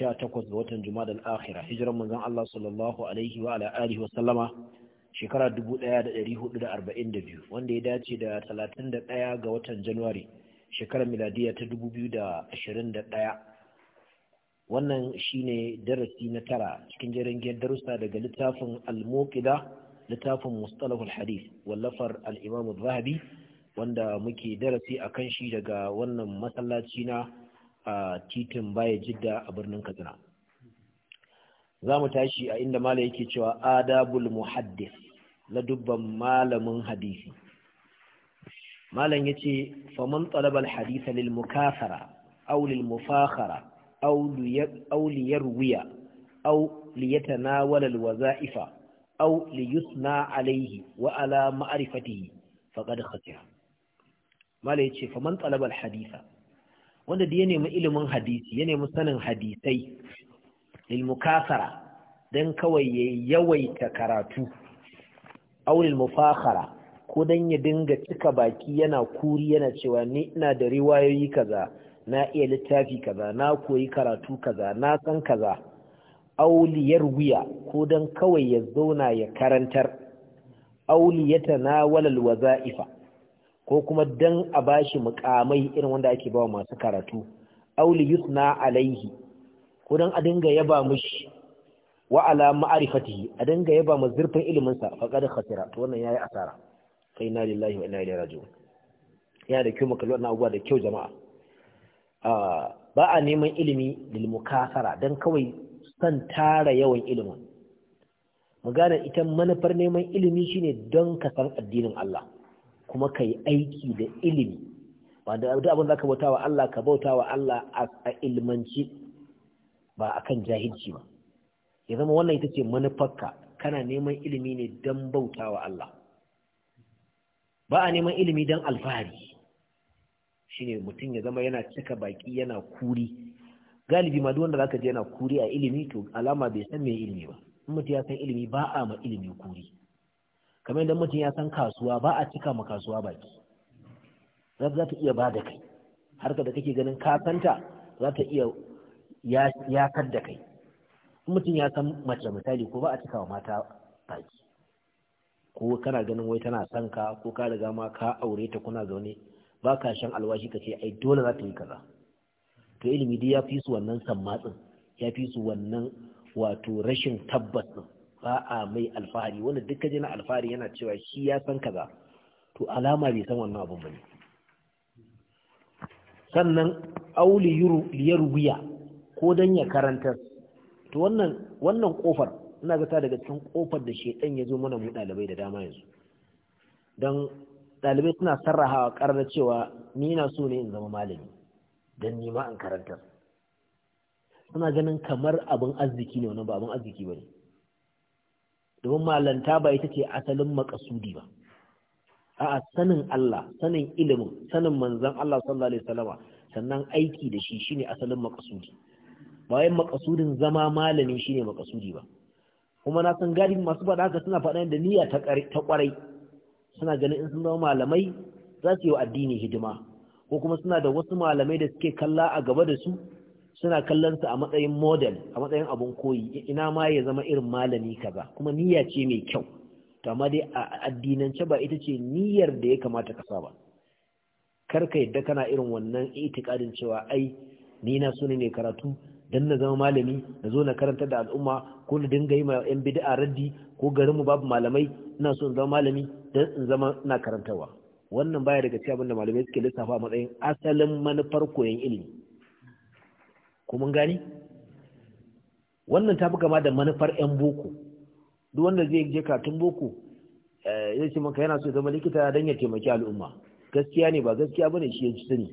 18 ga watan Jumadal Akhira hijiran manzon Allah sallallahu alaihi wa ala alihi wa sallama shekara 1442 wanda ya dace da 31 ga watan January shekarar miladiya ta 2021 wannan shine darasi na tara cikin jerin darussa daga littafin Al-Muqida littafin al Hadith wallafar al-Imam zahabi wanda muke darasi akan shi daga wannan masallaci na a titin baya jidda a birnin katsina za mu tashi a inda mala yake cewa adabul muhaddis la dubban malamin hadisi malam yace faman talaba hadisa lil mukasara aw lil mufakhara aw li yarwiya aw li waza'ifa au li na alaihi wa'ala ma'arifatihi, ma'rifatihi da khasira mala yace faman talaba hadisa wanda da ya nemi ilimin hadisi ya nemi sanin hadisai ilmukasara don kawai ya yawaita karatu aulil mufakhara ko don ya dinga cika baki yana kuri yana cewa ni ina da riwayoyi kaza na iya littafi kaza na koyi karatu kaza na san kaza auliyar wuya ko don kawai ya zauna ya karantar auliyata na walal waza'ifa ko kuma dan a bashi mukamai irin wanda ake bawa masu karatu auli yusna alaihi ko dan a dinga yaba mushi wa ala ma'rifatihi a dinga yaba mu zurfin ilimin sa faqad khasira to wannan yayi asara kai na lillahi wa inna ilaihi raji'un yana da kyau mu na wannan da kyau jama'a ah, ba a neman ilimi lil mukasara dan kawai san tara yawan ilimin mu gane ita manufar neman ilimi shine don ka san addinin Allah kuma ka yi aiki da ilimi ba da duk abin da ka bauta wa Allah ka bauta wa Allah a ilmanci ba a kan jahilci ba ya zama wannan ita ce manufarka kana neman ilimi ne don bauta wa Allah ba a neman ilimi don alfahari shine mutum ya zama yana cika baki yana kuri galibi ma duk wanda zaka je yana kuri a ilimi to alama bai san me ilimi ba in mutum ya san ilimi ba a ma ilimi kuri kamar idan mutum ya san kasuwa ba a cika ma kasuwa baki za ta iya ba da kai harka da kake ganin kasanta za ta iya kar da kai mutum ya san mace misali ko ba a cika wa mata baki ko kana ganin wai tana son ka ko ka riga ma ka aure ta kuna zaune ba ka shan alwashi ka ce ai dole za ta yi kaza to ilimi dai ya fi su wannan sammatsin ya fi su wannan wato rashin tabbas din ba a mai alfahari wanda duk kaje na alfahari yana cewa shi ya san kaza to alama bai san wannan abun bane sannan auli rubiya ko dan ya karanta to wannan wannan kofar ina ga ta daga cikin kofar da shedan ya zo mana mu dalibai da dama yanzu dan dalibai suna sarrahawa karar cewa ni na so ne in zama malami dan ni ma an karanta suna ganin kamar abin arziki ne wannan ba abin arziki bane domin malanta ba ita ce asalin makasudi ba a sanin Allah sanin ilimin sanin manzon Allah sallallahu alaihi wasallama sannan aiki da shi shine asalin makasudi bayan makasudin zama malami shine makasudi ba kuma na san gari masu faɗa haka suna faɗa da niyya ta kwarai suna ganin in sun zama malamai za su yi wa addini hidima ko kuma suna da wasu malamai da suke kalla a gaba da su suna kallon sa a matsayin model a matsayin abun koyi ina ma ya zama irin malami kaza kuma niyya ce mai kyau to amma dai a addinance ba ita ce niyyar da ya kamata ka saba kar ka yadda kana irin wannan itikadin cewa ai ni na so ne karatu dan na zama malami na zo na karanta da al'umma ko na dinga yi ma yan bid'a raddi ko garinmu babu malamai ina so in zama malami dan in zama ina karantawa wannan baya daga cikin abin malamai suke lissafa matsayin asalin manufar koyon ilimi ko mun gani? wannan tafi kama da manufar 'yan boko duk wanda zai je katun boko ya eh, ce maka yana so zama likita don ya taimaki al'umma gaskiya ne ba gaskiya bane shi ya ci sani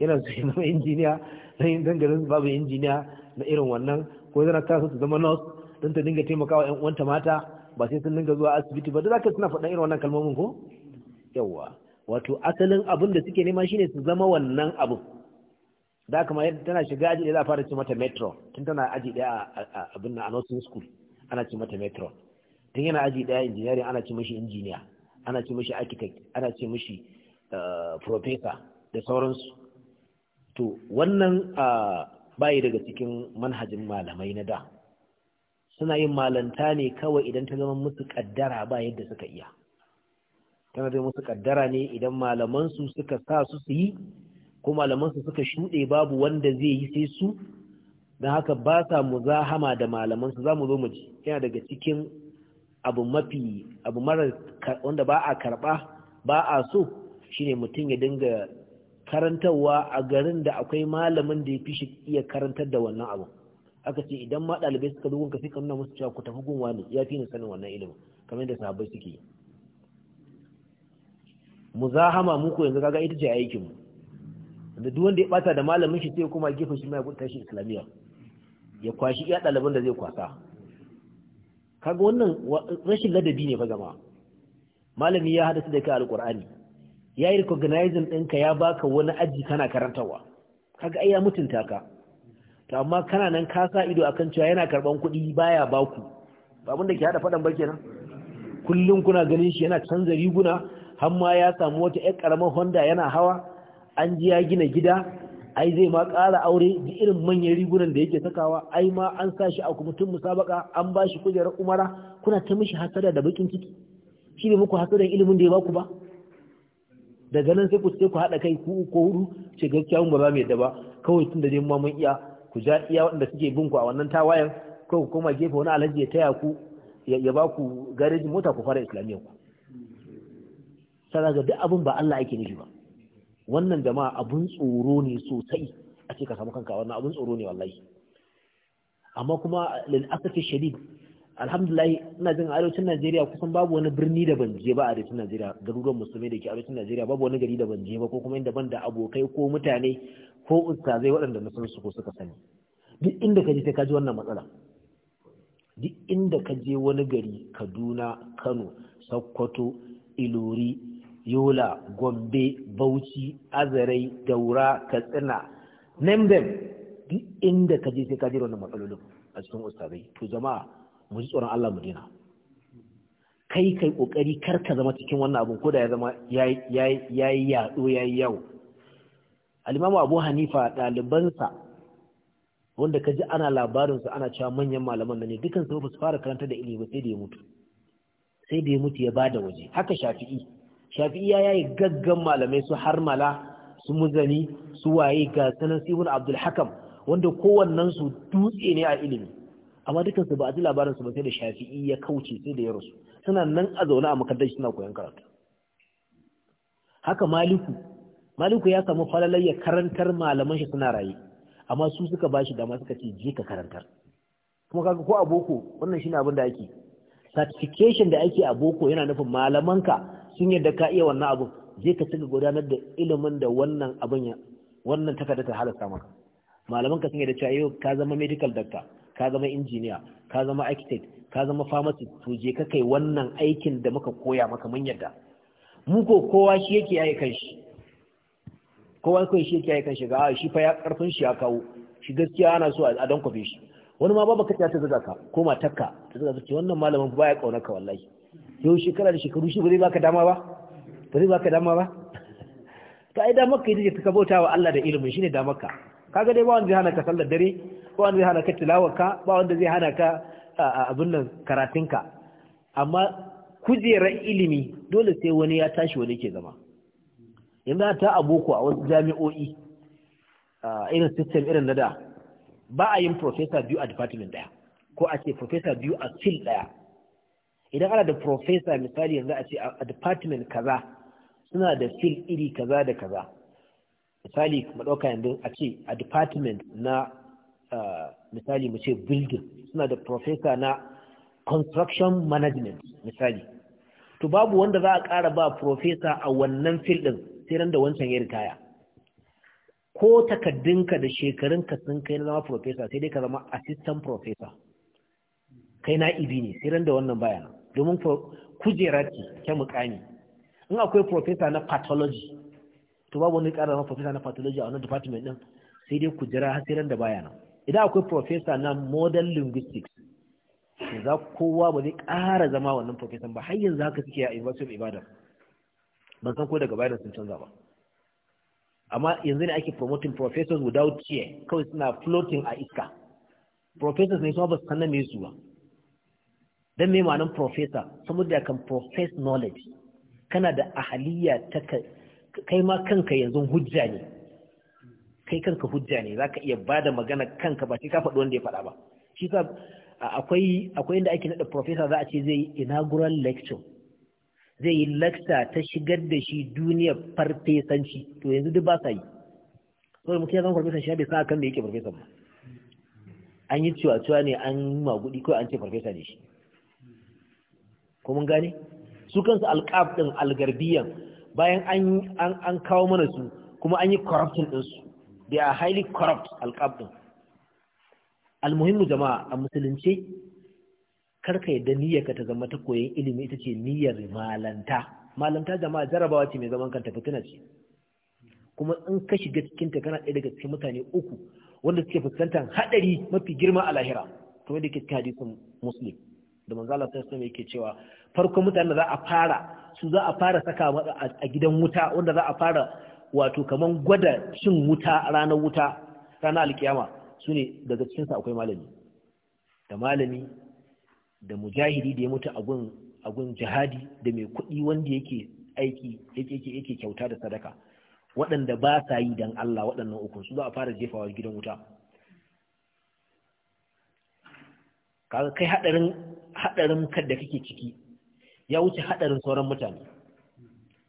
yana so zama injiniya don yin su babu injiniya na irin wannan ko zana ta su zama nurse don ta dinga taimakawa 'yan uwanta mata ba sai sun dinga zuwa asibiti ba Duk za ka suna faɗan irin wannan kalmomin ko yawwa wato asalin abin da suke nema shine su zama wannan abin da kama yadda tana shiga aji za a fara ce mata metro tun tana aji daya a abin na anosin school ana ce mata metro tun yana aji daya engineering ana ce mashi engineer ana ce mashi architect ana ce mashi eh, professor da sauransu to wannan bayi daga cikin manhajin malamai na da suna yin malanta ne kawai idan ta zama musu kaddara ba yadda suka iya tana zai musu kaddara ne idan malamansu suka sa su su yi ko malamansu suka shuɗe babu wanda zai yi sai su don haka ba sa muzahama da malamansu za mu zo mu ji yana daga cikin abu mafi abu mara wanda ba a karɓa ba a so shine mutum ya dinga karantarwa a garin da akwai malamin da ya fi shi iya karantar da wannan abu aka ce idan ma ɗalibai suka zo ka sai nuna musu cewa ku tafi gunwa ne ya fi ni sanin wannan ilimin kamar yadda sahabbai suke yi muzahama mu ko yanzu kaga ita ce aikin mu da duk wanda ya bata da malamin shi sai kuma gefe shi mai gunta shi islamiya ya kwashi iya ɗaliban da zai kwasa kaga wannan rashin ladabi ne fa jama'a malami ya su da kai alqur'ani ya yi recognizing ɗinka ya baka wani aji kana karantawa kaga ai ya mutunta ka to amma kana nan ka sa ido akan cewa yana karban kuɗi baya baku ba da ke hada faɗan barke nan kullum kuna ganin shi yana canza riguna har ma ya samu wata ƴar karamar Honda yana hawa an ji ya gina gida ai zai ma ƙara aure da irin manyan rigunan da yake sakawa ai ma an sa shi a kwamitin musabaka an ba shi kujerar umara kuna ta mishi hasada da bakin ciki shi ne muku hasadan ilimin da ya baku ba daga nan sai ku ce ku haɗa kai ku ko hudu ce gaskiya ba za mu yadda ba kawai tun da ne ma mun iya ku ja iya waɗanda suke bin ku a wannan tawayan kawai ku koma gefe wani alhaji ya taya ku ya ba ku garejin mota ku fara islamiyya ku sai ga duk abin ba Allah ake nufi ba wannan jama'a abun tsoro ne sosai a ce ka samu kanka wannan abun tsoro ne wallahi amma kuma lil asafi shadid alhamdulillah ina jin arewacin Najeriya kusan babu wani birni da ban je ba a arewacin Najeriya garuruwan musulmai da ke arewacin Najeriya babu wani gari da ban je ba ko kuma inda ban da abokai ko mutane ko ustazai waɗanda na san su ko suka sani duk inda ka je sai ka ji wannan matsala duk inda ka je wani gari Kaduna Kano Sokoto Ilori yola gombe bauchi azarai daura katsina name duk inda ka je sai ka jira wannan matsalolin a cikin ustazai to jama'a mu ji tsoron Allah mu dina kai kai kokari kar ka zama cikin wannan abun ko da ya zama yayi yayi yado yayi yawo al-imamu Abu Hanifa dalibansa wanda ka ji ana su ana cewa manyan malaman ne dukan su ba su fara karanta da ilimi ba sai da ya mutu sai da ya mutu ya bada waje haka shafi'i shafi'iya ya yi gaggan malamai su harmala su muzani su waye ga sanan sibul abdul hakam wanda kowannen su dutse ne a ilimi amma dukan su ba a ji labarin su ba sai da shafi'i ya kauce sai da ya rasu suna nan a zaune a makaddar suna koyon karatu haka maliku maliku ya samu falalar ya karantar malaman shi suna raye amma su suka bashi dama suka ce je ka karantar kuma kaga ko a boko wannan shine abin da ake certification da ake a boko yana nufin malamanka sun yadda ka iya wannan abu je ka cika gudanar da ilimin da wannan abin ya wannan takarda ta halasta samar malaman ka sun yadda cewa yau ka zama medical doctor ka zama engineer ka zama architect ka zama pharmacist to je ka kai wannan aikin da muka koya maka mun yadda mu ko kowa shi yake yayi kanshi kowa kai shi yake yayi kanshi ga ah, shi fa ya karfin shi ya kawo shi gaskiya ana so a dan kwafe shi wani ma babu ka ta zaga ka ko matarka ta zaga ce wannan malamin baya ka wallahi yau shekara da shekaru shi ba zai baka dama ba ba zai baka dama ba ka ai damar ka yi ka bauta wa Allah da ilimin shine damar ka kaga dai ba wanda zai hana ka sallar dare ba wanda zai hana ka ka ba wanda zai hana ka abin nan ka amma kujerar ilimi dole sai wani ya tashi wani ke zama yanzu ta aboko a wasu jami'o'i irin system irin na da ba a yin profesa biyu a department daya ko a ce profesa biyu a field daya idan ana da professor misali yanzu a ce a department kaza suna da fil iri kaza da kaza misali kuma ɗauka yanzu a ce a department na misali mu ce building suna da professor na construction management misali to babu wanda za a ƙara ba professor a wannan fil ɗin sai ran da wancan ya ritaya ko takaddunka da shekarunka sun kai na zama professor sai dai ka zama assistant professor kai na ibi ne sai ran da wannan baya domin kujera ce ke mukami in akwai profesa na pathology to babu wani ƙara ma na pathology a wani department din sai dai kujera har sai da baya nan idan akwai profesa na modern linguistics za kowa ba zai ƙara zama wannan profesa ba har yanzu haka suke a University of Ibadan ban san ko daga bayan sun canza ba amma yanzu ne ake promoting professors without chair kawai suna floating a iska professors ne su ba su san na me su ba don me ma'anin professor saboda kan profess knowledge kana da ahaliya ta kai ma kanka yanzu hujja ne kai kanka hujja ne zaka iya bada magana kanka ba sai ka faɗi wanda ya faɗa ba shi sa akwai akwai inda ake nada professor za a ce zai inaugural lecture zai yi lecture ta shigar da shi duniya farfesanci to yanzu duk ba sa yi saboda mutum ya zama farfesan shi bai sa kan da yake farfesan ba an yi ciwa-ciwa ne an gudi ko an ce farfesa ne shi ko mun gane su kansu alƙafɗin algarbiyan bayan an kawo mana su kuma an yi corruption din su they are highly corrupt alƙafɗin. din almuhimmu jama'a a musulunci karka yadda ka ta zama ta koyon ilimi ita ce niyyar malanta malanta jama'a jarabawa ce mai zaman kanta fitina ce kuma in ka shiga cikinta kana ɗaya daga cikin mutane uku wanda suke fuskantar haɗari mafi girma a lahira Kuma da ke cikin hadisin muslim da manzo Allah sai sai yake cewa farko mutane za a fara su za a fara saka a gidan wuta wanda za a fara wato kaman gwada cin wuta ranar wuta ranar alkiyama sune daga cikin sa akwai malami da malami da mujahidi da ya mutu a gun jihadi da mai kuɗi wanda yake aiki yake yake kyauta da sadaka waɗanda ba sa yi dan Allah waɗannan uku su za a fara jefawa gidan wuta kaga kai hadarin haɗarin kan da kake ciki ya wuce haɗarin sauran mutane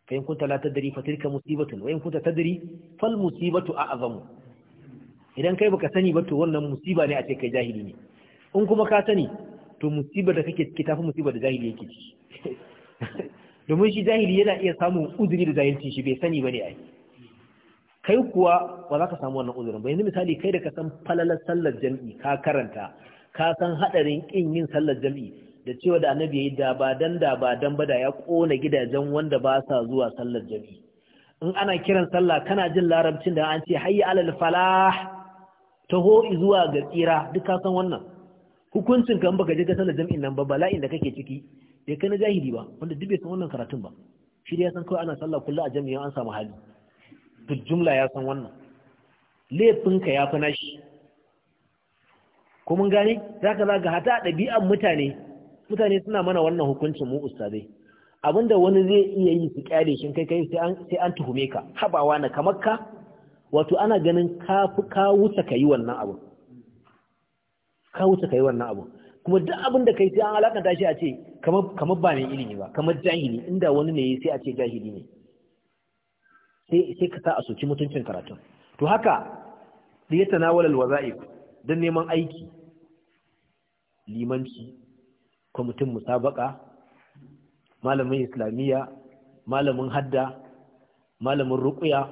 fa in kunta la tadri fa tilka musibatu wa in kunta tadri fal musibatu a'zamu idan kai baka sani ba to wannan musiba ne a ce kai jahili ne in kuma ka sani to musiba da kake ciki tafi musiba da jahili yake ciki domin shi jahili yana iya samun uzuri da jahilci shi bai sani bane ai kai kuwa ba za ka samu wannan uzurin ba yanzu misali kai da ka san falalar sallar jami'i ka karanta ka san haɗarin ƙin yin sallar jam'i da cewa da annabi yayi da ba dan da ba dan da ya ƙona gidajen wanda ba sa zuwa sallar jam'i in ana kiran sallah kana jin larabcin da an ce hayya alal falah taho zuwa ga tsira duk ka san wannan hukuncin kan baka je ga sallar jam'in nan ba bala'in da kake ciki bai kai na jahili ba wanda duk bai san wannan karatun ba shi ya san kawai ana sallah kullu a jami'a an samu hali duk jumla ya san wannan laifinka ya fi shi. ko mun gane za ga hata a ɗabi'an mutane mutane suna mana wannan hukuncin mu ustazai abinda wani zai iya yi su kyale shi kai kai sai an tuhume ka habawa na kamar ka wato ana ganin ka fi ka wuce ka yi wannan abu ka wuce ka yi wannan abu kuma duk abin da kai sai an alakanta shi a ce kamar ba mai ilimi ba kamar jahili inda wani ne sai a ce jahili ne sai ka sa a soki mutuncin karatun to haka da ya tanawala alwaza'ib don neman aiki limanci kwamitin musabaka malamin islamiyya malamin hadda malamin rukuya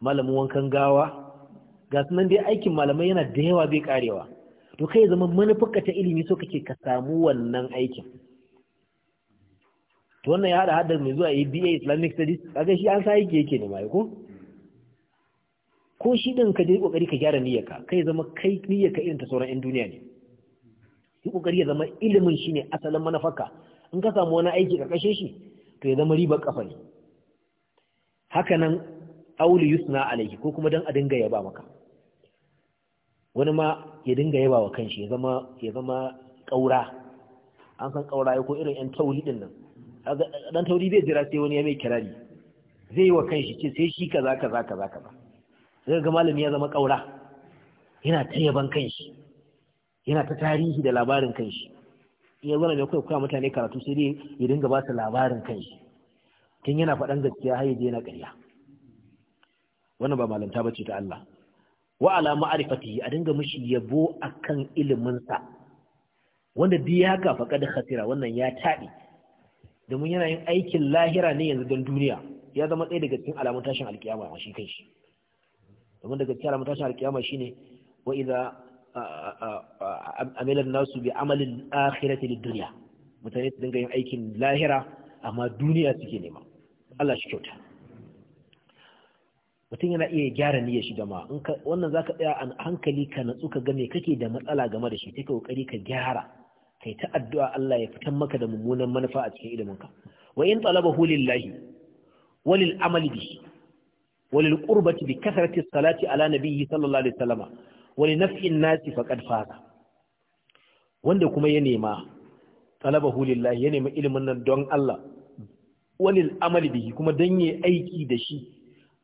malamin wankan gawa ga sunan dai aikin malamai yana da yawa bai karewa to kai zama manufarka ta ilimi so kake ka samu wannan aikin to wannan ya hada hadda mai zuwa ABA Islamic Studies kaga shi an sa yake yake ne mai ko ko shi ɗin ka je ƙoƙari ka gyara niyyarka kai zama kai niyyarka irin ta sauran 'yan duniya ne yi ƙoƙari ya zama ilimin shi ne asalin manafaka. in ka samu wani aiki ka kashe shi to ya zama ribar ƙafa ne haka nan auli yusna alaihi ko kuma don a dinga yaba maka wani ma ya dinga yaba wa kanshi ya zama ya zama ƙaura an san ƙaura ko irin 'yan tauri ɗin nan dan tauri bai jira sai wani ya mai kirari zai yi wa kanshi ce sai shi kaza kaza kaza kaza Daga ga malami ya zama ƙaura yana ta yaban kanshi yana ta tarihi da labarin kanshi ya zama mai kwaikwaya mutane karatu sai dai ya dinga ba su labarin kanshi tun yana faɗan gaskiya har yaje yana ƙarya wannan ba malanta bace ta Allah wa ala ma'rifatihi a dinga mishi yabo akan ilimin sa wanda bi ya ga faqad khasira wannan ya taɗi domin yana yin aikin lahira ne yanzu don duniya ya zama ɗaya daga cikin alamun tashin alkiyama shi kanshi domin daga cikin alamun tashin alkiyama shine wa idza amila nasu bi amalin akhirati lid-dunya mutane su dinga yin aikin lahira amma duniya suke nema Allah shi kyauta mutum yana iya gyara niyyar shi gama wannan zaka tsaya a hankali ka natsu ka ga me kake da matsala game da shi take kokari ka gyara kai ta addu'a Allah ya fitan maka da mummunan manufa a cikin ilimin ka wa in talabahu lillahi walil amali bihi walil qurbati bi kasrati salati ala nabiyyi sallallahu alaihi wasallam wani naf'in nasi faqad faza wanda kuma ya nema talabahu lillahi ya nema ilimin nan don Allah walil amali bihi kuma dan yayi aiki da shi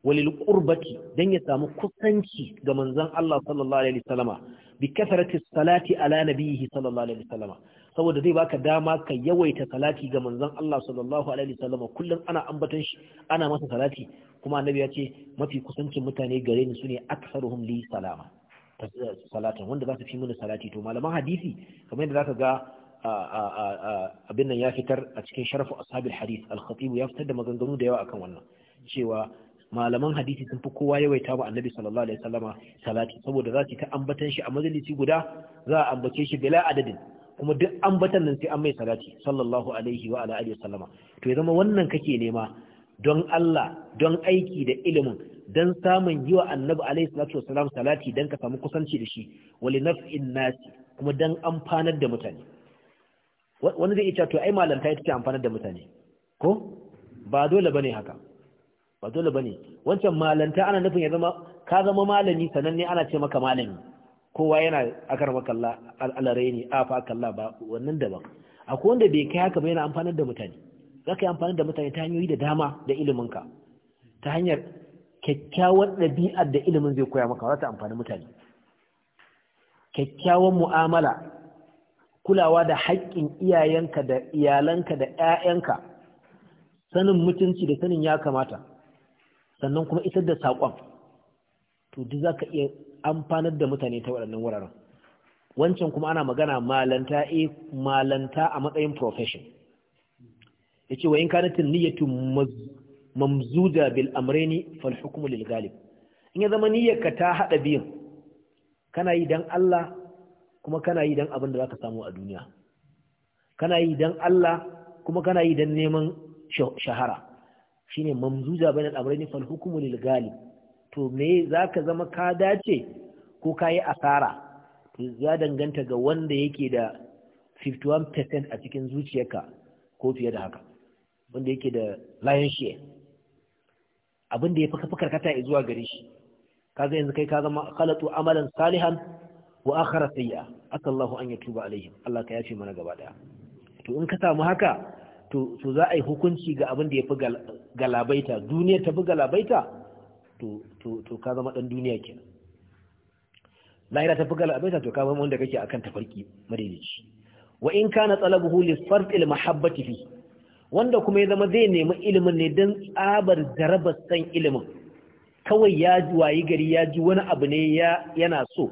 walil qurbati don ya samu kusanci ga manzon Allah sallallahu alaihi wasallama bi kasrati salati ala nabiyhi sallallahu alaihi wasallama saboda zai baka dama ka yawaita salati ga manzon Allah sallallahu alaihi wasallam kullum ana ambaton shi ana masa salati kuma annabi ya ce mafi kusancin mutane gare ni sune aksaruhum li salama salatin wanda za su fi mini salati to malaman hadisi kamar yadda zaka ga abin nan ya fitar a cikin sharafu ashabil hadith al-khatib ya fitar da maganganu da yawa akan wannan cewa malaman hadisi sun fi kowa yawaita wa annabi sallallahu alaihi wasallama salati saboda za su ta ambatan shi a majalisi guda za a ambace shi bila adadin kuma duk ambatan nan sai an mai salati sallallahu alaihi wa alihi sallama. to ya zama wannan kake nema don Allah don aiki da ilimin don samun yiwa annabi alaihi salatu wasallam salati don ka samu kusanci da shi wali naf'in nasi kuma don amfanar da mutane wani zai ita to ai malanta ita ce amfanar da mutane ko ba dole bane haka ba dole bane wancan malanta ana nufin ya zama ka zama malami sananne ana ce maka malami kowa yana akar makalla alare ne a fa kalla ba wannan daban akwai wanda bai kai haka ba yana amfani da mutane za ka yi amfani da mutane ta hanyoyi da dama da iliminka ta hanyar kyakkyawar ɗabi'ar da ilimin zai koya maka za ta amfani mutane kyakkyawan mu'amala kulawa da haƙƙin iyayenka da iyalanka da 'ya'yanka sanin mutunci da sanin ya kamata sannan kuma isar da saƙon to duk za ka iya amfanar da mutane ta waɗannan wuraren wancan kuma ana magana malanta a malanta a matsayin profession ce wa in tun niyyatu mamzuda bil amrani fal hukmu lil galib in ya zama ka ta hada biyun kana yi dan Allah kuma kana yi dan abin da zaka samu a duniya kana yi dan Allah kuma kana yi dan neman shahara shine mamzuda bainal amrani fal hukmu lil galib to me za ka zama ka dace ko ka yi asara to ya danganta ga wanda yake da 51% a cikin zuciyarka ko fiye da haka wanda yake da lion share abin da ya fi kafa karkata ya zuwa gare shi Ka zai yanzu kai ka zama khalatu amalan salihan wa akhara sayya asallahu an yatuba alaihim Allah ka yafe mana gaba daya to in ka samu haka to to za a yi hukunci ga abin da ya fi galabaita duniyar ta fi galabaita to ka zama ɗan duniya kenan lahira ta fi galabaita to ka zama wanda kake akan tafarki madaidaici wa in kana talabuhu li sarfil mahabbati fi wanda kuma ya zama zai nemi ilimin ne don tsabar jarabar san ilimin kawai ya ji wayi gari ya ji wani abu ne ya yana so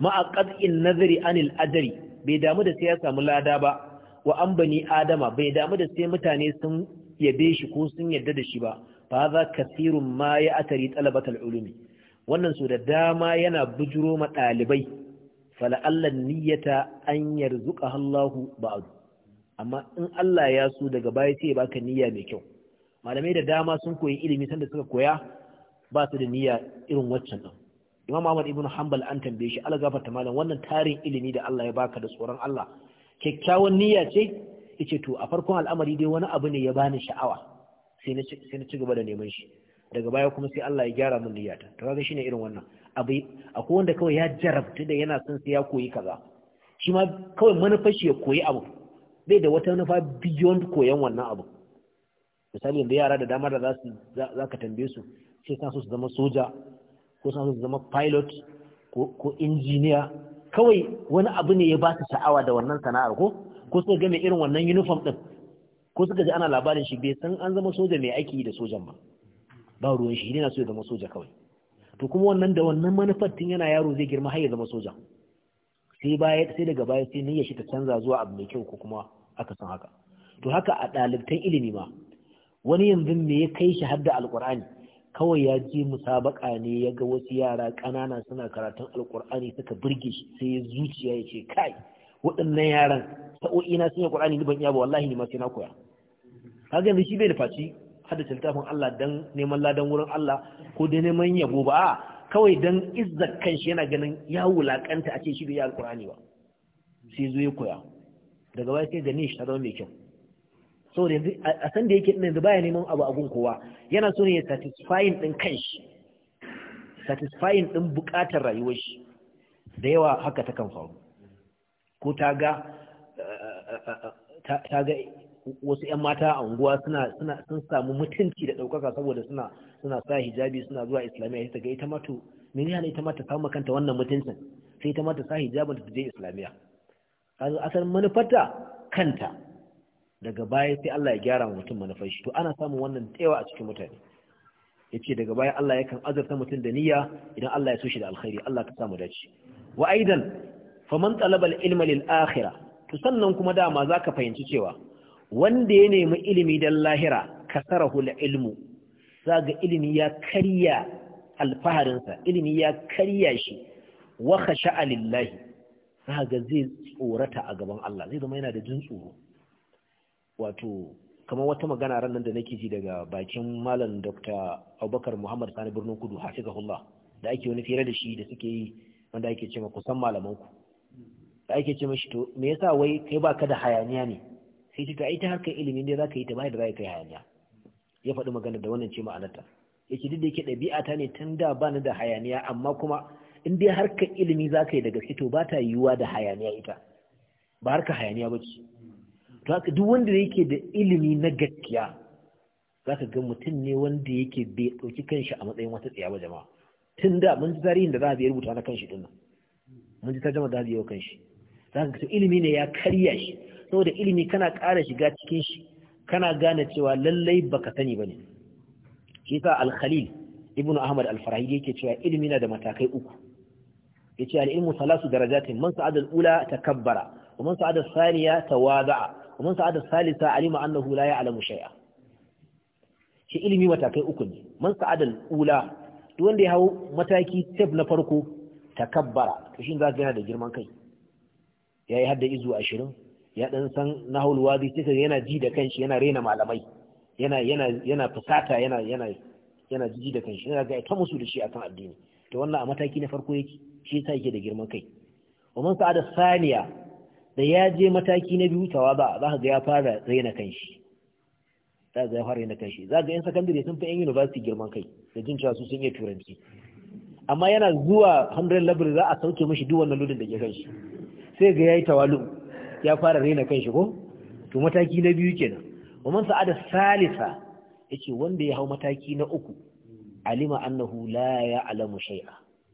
ma'a qad'in nazari anil ajri bai damu da sai ya samu lada ba wa an bani adama bai damu da sai mutane sun yabe shi ko sun yarda da shi ba fa za kasirun ma ya atari talabatal ulumi wannan su da dama yana bujuro ma ɗalibai fala'allan niyyata an yarzuka Allahu ba'adu. amma in Allah ya so daga baya sai ya baka niyya mai kyau malamai da dama sun koyi ilimi sanda suka koya ba su da niyya irin waccan nan. Imam Ahmad ibn Hanbal an tambaye shi Allah gafarta malam wannan tarin ilimi da Allah ya baka da tsoron Allah kyakkyawan niyya ce yace to a farkon al'amari dai wani abu ne ya bani sha'awa sai na ci gaba da neman shi daga baya kuma sai Allah ya gyara min niyyata to kaga shine irin wannan abu akwai wanda kawai ya jarabta da yana son sai ya koyi kaza shi ma kawai manufar ya koyi abu bai da wata manufa beyond koyon wannan abu misali yanzu yara da dama da za su za ka tambaye su sai san su su zama soja ko san su zama pilot ko ko injiniya kawai wani abu ne ya ba su sha'awa da wannan sana'ar ko ko sai ga mai irin wannan uniform din ko suka ji ana labarin shi bai san an zama soja mai aiki da sojan ba ba ruwan shi yana so ya zama soja kawai to kuma wannan da wannan manufar tun yana yaro zai girma har ya zama soja sai baya sai daga baya sai niyyar shi ta canza zuwa abu mai kyau ko kuma aka san haka to haka a ɗalibtan ilimi ma wani yanzu me ya kai shi har da alƙur'ani kawai ya je musabaka ne ya ga wasu yara ƙanana suna karatun alƙur'ani suka burge shi sai zuciya ya ce kai waɗannan yaran sa'o'i na sun yi Qur'ani ni ban iya ba wallahi ni masu na koya kaga yanzu shi bai da faci haddace littafin Allah dan neman ladan wurin Allah ko dai neman yabo ba a kawai dan izzar kanshi yana ganin ya wulakanta a ce shi bai yi alkur'ani ba sai zo ya koya daga baya sai gani shi ta zama mai kyau saboda yanzu a san da yake yanzu baya neman abu a gun kowa yana so ne ya satisfying din kanshi satisfying din bukatar rayuwar shi da yawa haka ta kan faru ko ta ga ta ga wasu 'yan mata a unguwa suna suna sun samu mutunci da ɗaukaka saboda suna suna sa hijabi suna zuwa islamiyya ta ga ita ma me ne ita ma ta samu kanta wannan mutuncin sai ita ma ta sa hijabin ta je islamiyya kaga asalin manufarta kanta daga baya sai Allah ya gyara mutum manufar shi to ana samun wannan tsewa a cikin mutane yace daga baya Allah yakan azurta mutum da niyya idan Allah ya so shi da alkhairi Allah ka samu dace wa aidan faman talabal ilma lil akhirah to sannan kuma dama zaka fahimci cewa wanda ya nemi ilimi dan lahira kasarahu la ilmu zaga ilimi ya karya sa, ilimi ya karya shi wa khasha lillahi zaga zai tsorata a gaban Allah zai zama yana da jin tsoro wato kamar wata magana ran nan da nake ji daga bakin malam Dr. Abubakar Muhammad Sani Birnin Kudu hafizahullah da ake wani fira da shi da suke yi wanda ake cewa kusan malamanku da ake ce mashi to me yasa wai kai ba ka da hayaniya ne sai ce to ai ta harka ilimi ne zaka yi ta ba da ka yi hayaniya ya faɗi magana da wannan ce ma'anarta ce duk da yake ɗabi'a ta ne tun da ba ni da hayaniya amma kuma in dai harka ilimi za ka yi da gaske to ba ta yiwuwa da hayaniya ita ba ka hayaniya ba ce to haka duk wanda yake da ilimi na gaskiya ka ga mutum ne wanda yake bai ɗauki kanshi a matsayin wata tsaya ba jama'a tun da mun ji tarihin da za a biya rubuta na kanshi ɗin nan mun ji tarjama da za a biya kanshi zaka ga ilimi ne ya karya shi saboda ilimi kana ƙara shiga cikin shi kana gane cewa lallai baka sani bane shi yasa al-khalil ibnu ahmad al-farahidi yake cewa ilimi na da matakai uku yace al-ilmu salasu darajatin man sa'ada al-ula takabbara wa man sa'ada al-thaniya tawada'a wa man sa'ada al-thalitha alima annahu la ya'lamu shay'a shi ilimi matakai uku ne man sa'ada al-ula duk wanda ya hawo mataki step na farko takabbara to shin zaka yana da girman kai ya yi hadda izu ashirin ya ɗan san nahul wadi sai yana ji da kanshi yana rena malamai yana yana yana fusata yana yana yana ji da kanshi yana ga ta musu da shi akan addini to wannan a mataki na farko yake shi yasa yake da girman kai wa man sa'ada saniya da ya je mataki na biyu tawaba za ka ga ya fara rena kanshi za ga ya fara rena kanshi za ga yan sakandare sun fi yan university girman kai da jin cewa su sun iya turanci amma yana zuwa 100 level za a sauke mashi duk wannan ludin da ke kanshi sai ga yayi tawalu ya fara rena kanshi ko to mataki na biyu kenan ومن sa'ada salisa yace wanda ya hau mataki na uku alima annahu la ya'lamu shay'a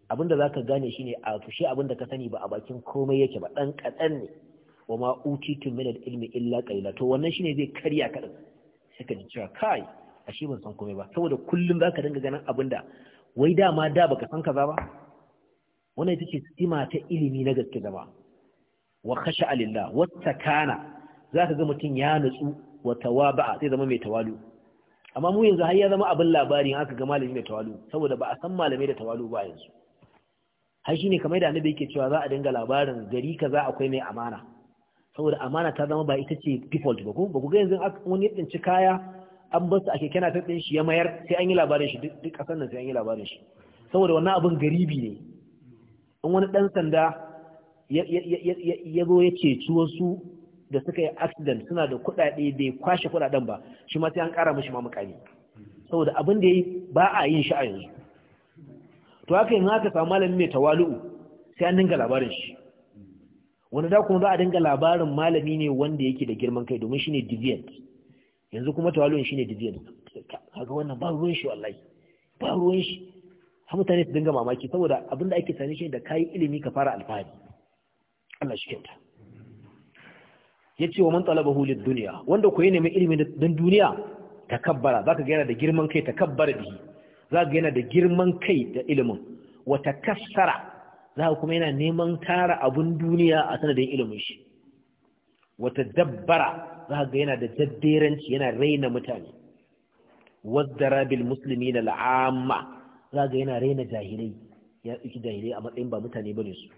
abinda zaka gane shine a fushi abinda ka sani ba a bakin komai yake ba dan kadan ne wama utitu min al-ilmi illa qalila to wannan shine zai karya ka din sai ka ji cewa kai ashe ban san komai ba saboda kullum zaka dinga ganin abinda wai dama da baka san kaza ba wannan ita ce sima ta ilimi na gaske ba wa kashe alillah wata kana za ka ga mutum ya nutsu wa tawaba'a sai zama mai tawalu amma mu yanzu har ya zama abin labari aka ga malami mai tawalu saboda ba a san malamai da tawalu ba yanzu har ne, kamar da annabi yake cewa za a dinga labarin gari kaza akwai mai amana saboda amana ta zama ba ita ce default ba ko ba ku ga yanzu wani ya tsinci kaya an bar su a keke na ɗin shi ya mayar sai an yi labarin shi duk kasan nan sai an yi labarin shi saboda wannan abin garibi ne in wani dan sanda ya zo ya ceci wasu da suka yi accident suna da kuɗaɗe bai kwashe kuɗaɗen ba shi ma sai an ƙara mishi ma mukami saboda abin da ya yi ba a yin shi a yanzu to haka yin haka samu malami mai tawalu'u sai an dinga labarin shi wanda da kuma za a dinga labarin malami ne wanda yake da girman kai domin shine deviant yanzu kuma tawalu'un shine deviant kaga wannan ba ruwan shi wallahi ba ruwan shi har mutane su dinga mamaki saboda abin da ake sani shi da kayi ilimi ka fara alfahari Allah shi yace wa man talabahu lid duniya, wanda ko ya ilimi dan duniya takabbara zaka ga yana da girman kai takabbara bihi za ga yana da girman kai da ilimin wa za ka kuma yana neman tara abun duniya a sanadin ilimin shi Wata dabbara za ga yana da daddaranci yana raina mutane wadda bil na la'amma za ga yana raina jahilai ya tsiki jahilai a matsayin ba mutane bane su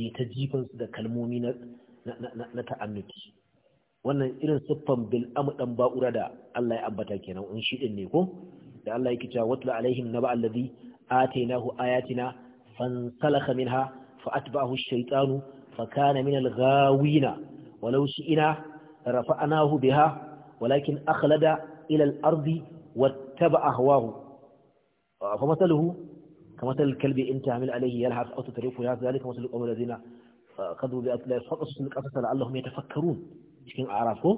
yi ta jifansu da kalmomi na ta'annuki wannan irin siffan bil ɗan ba'ura da Allah ya ambata kenan in shi din ne ko da Allah yake cewa watla alaihim naba alladhi atainahu ayatina fansalakha minha fa atba'ahu ash-shaytanu fa kana min al-ghawina walau shi'ina rafa'nahu biha walakin akhlada ila al-ardi wattaba ahwahu fa masaluhu كمثل الكلب إن تعمل عليه يلحث أو تتركه يلحث ذلك مثل القوم الذين قدوا بأس لا يفقصوا من قصص لعلهم يتفكرون cikin arafo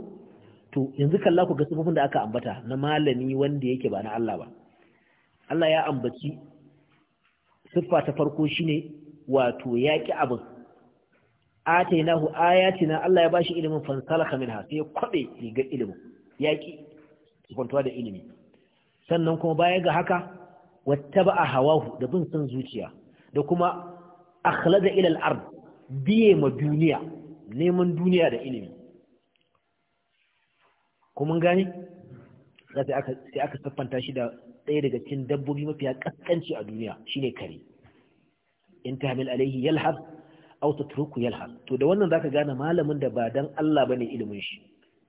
to yanzu kalla ku ga sifofin da aka ambata na malami wanda yake ba na Allah ba Allah ya ambaci siffa ta farko shine wato yaki abin atainahu ayatina Allah ya bashi ilimin fansalaka minha sai ya kwabe rigar ilimin yaki sifantuwa da ilimi sannan kuma baya ga haka wattaba'a hawahu da bin san zuciya da kuma akhlada ila al-ard biye ma duniya neman duniya da ilimi kuma gani sai aka sai aka saffanta shi da ɗaya daga cikin dabbobi mafiya kaskanci a duniya shine kare in tahmil alaihi yalhab aw tatruku yalhab to da wannan zaka gane malamin da ba dan Allah bane ilimin shi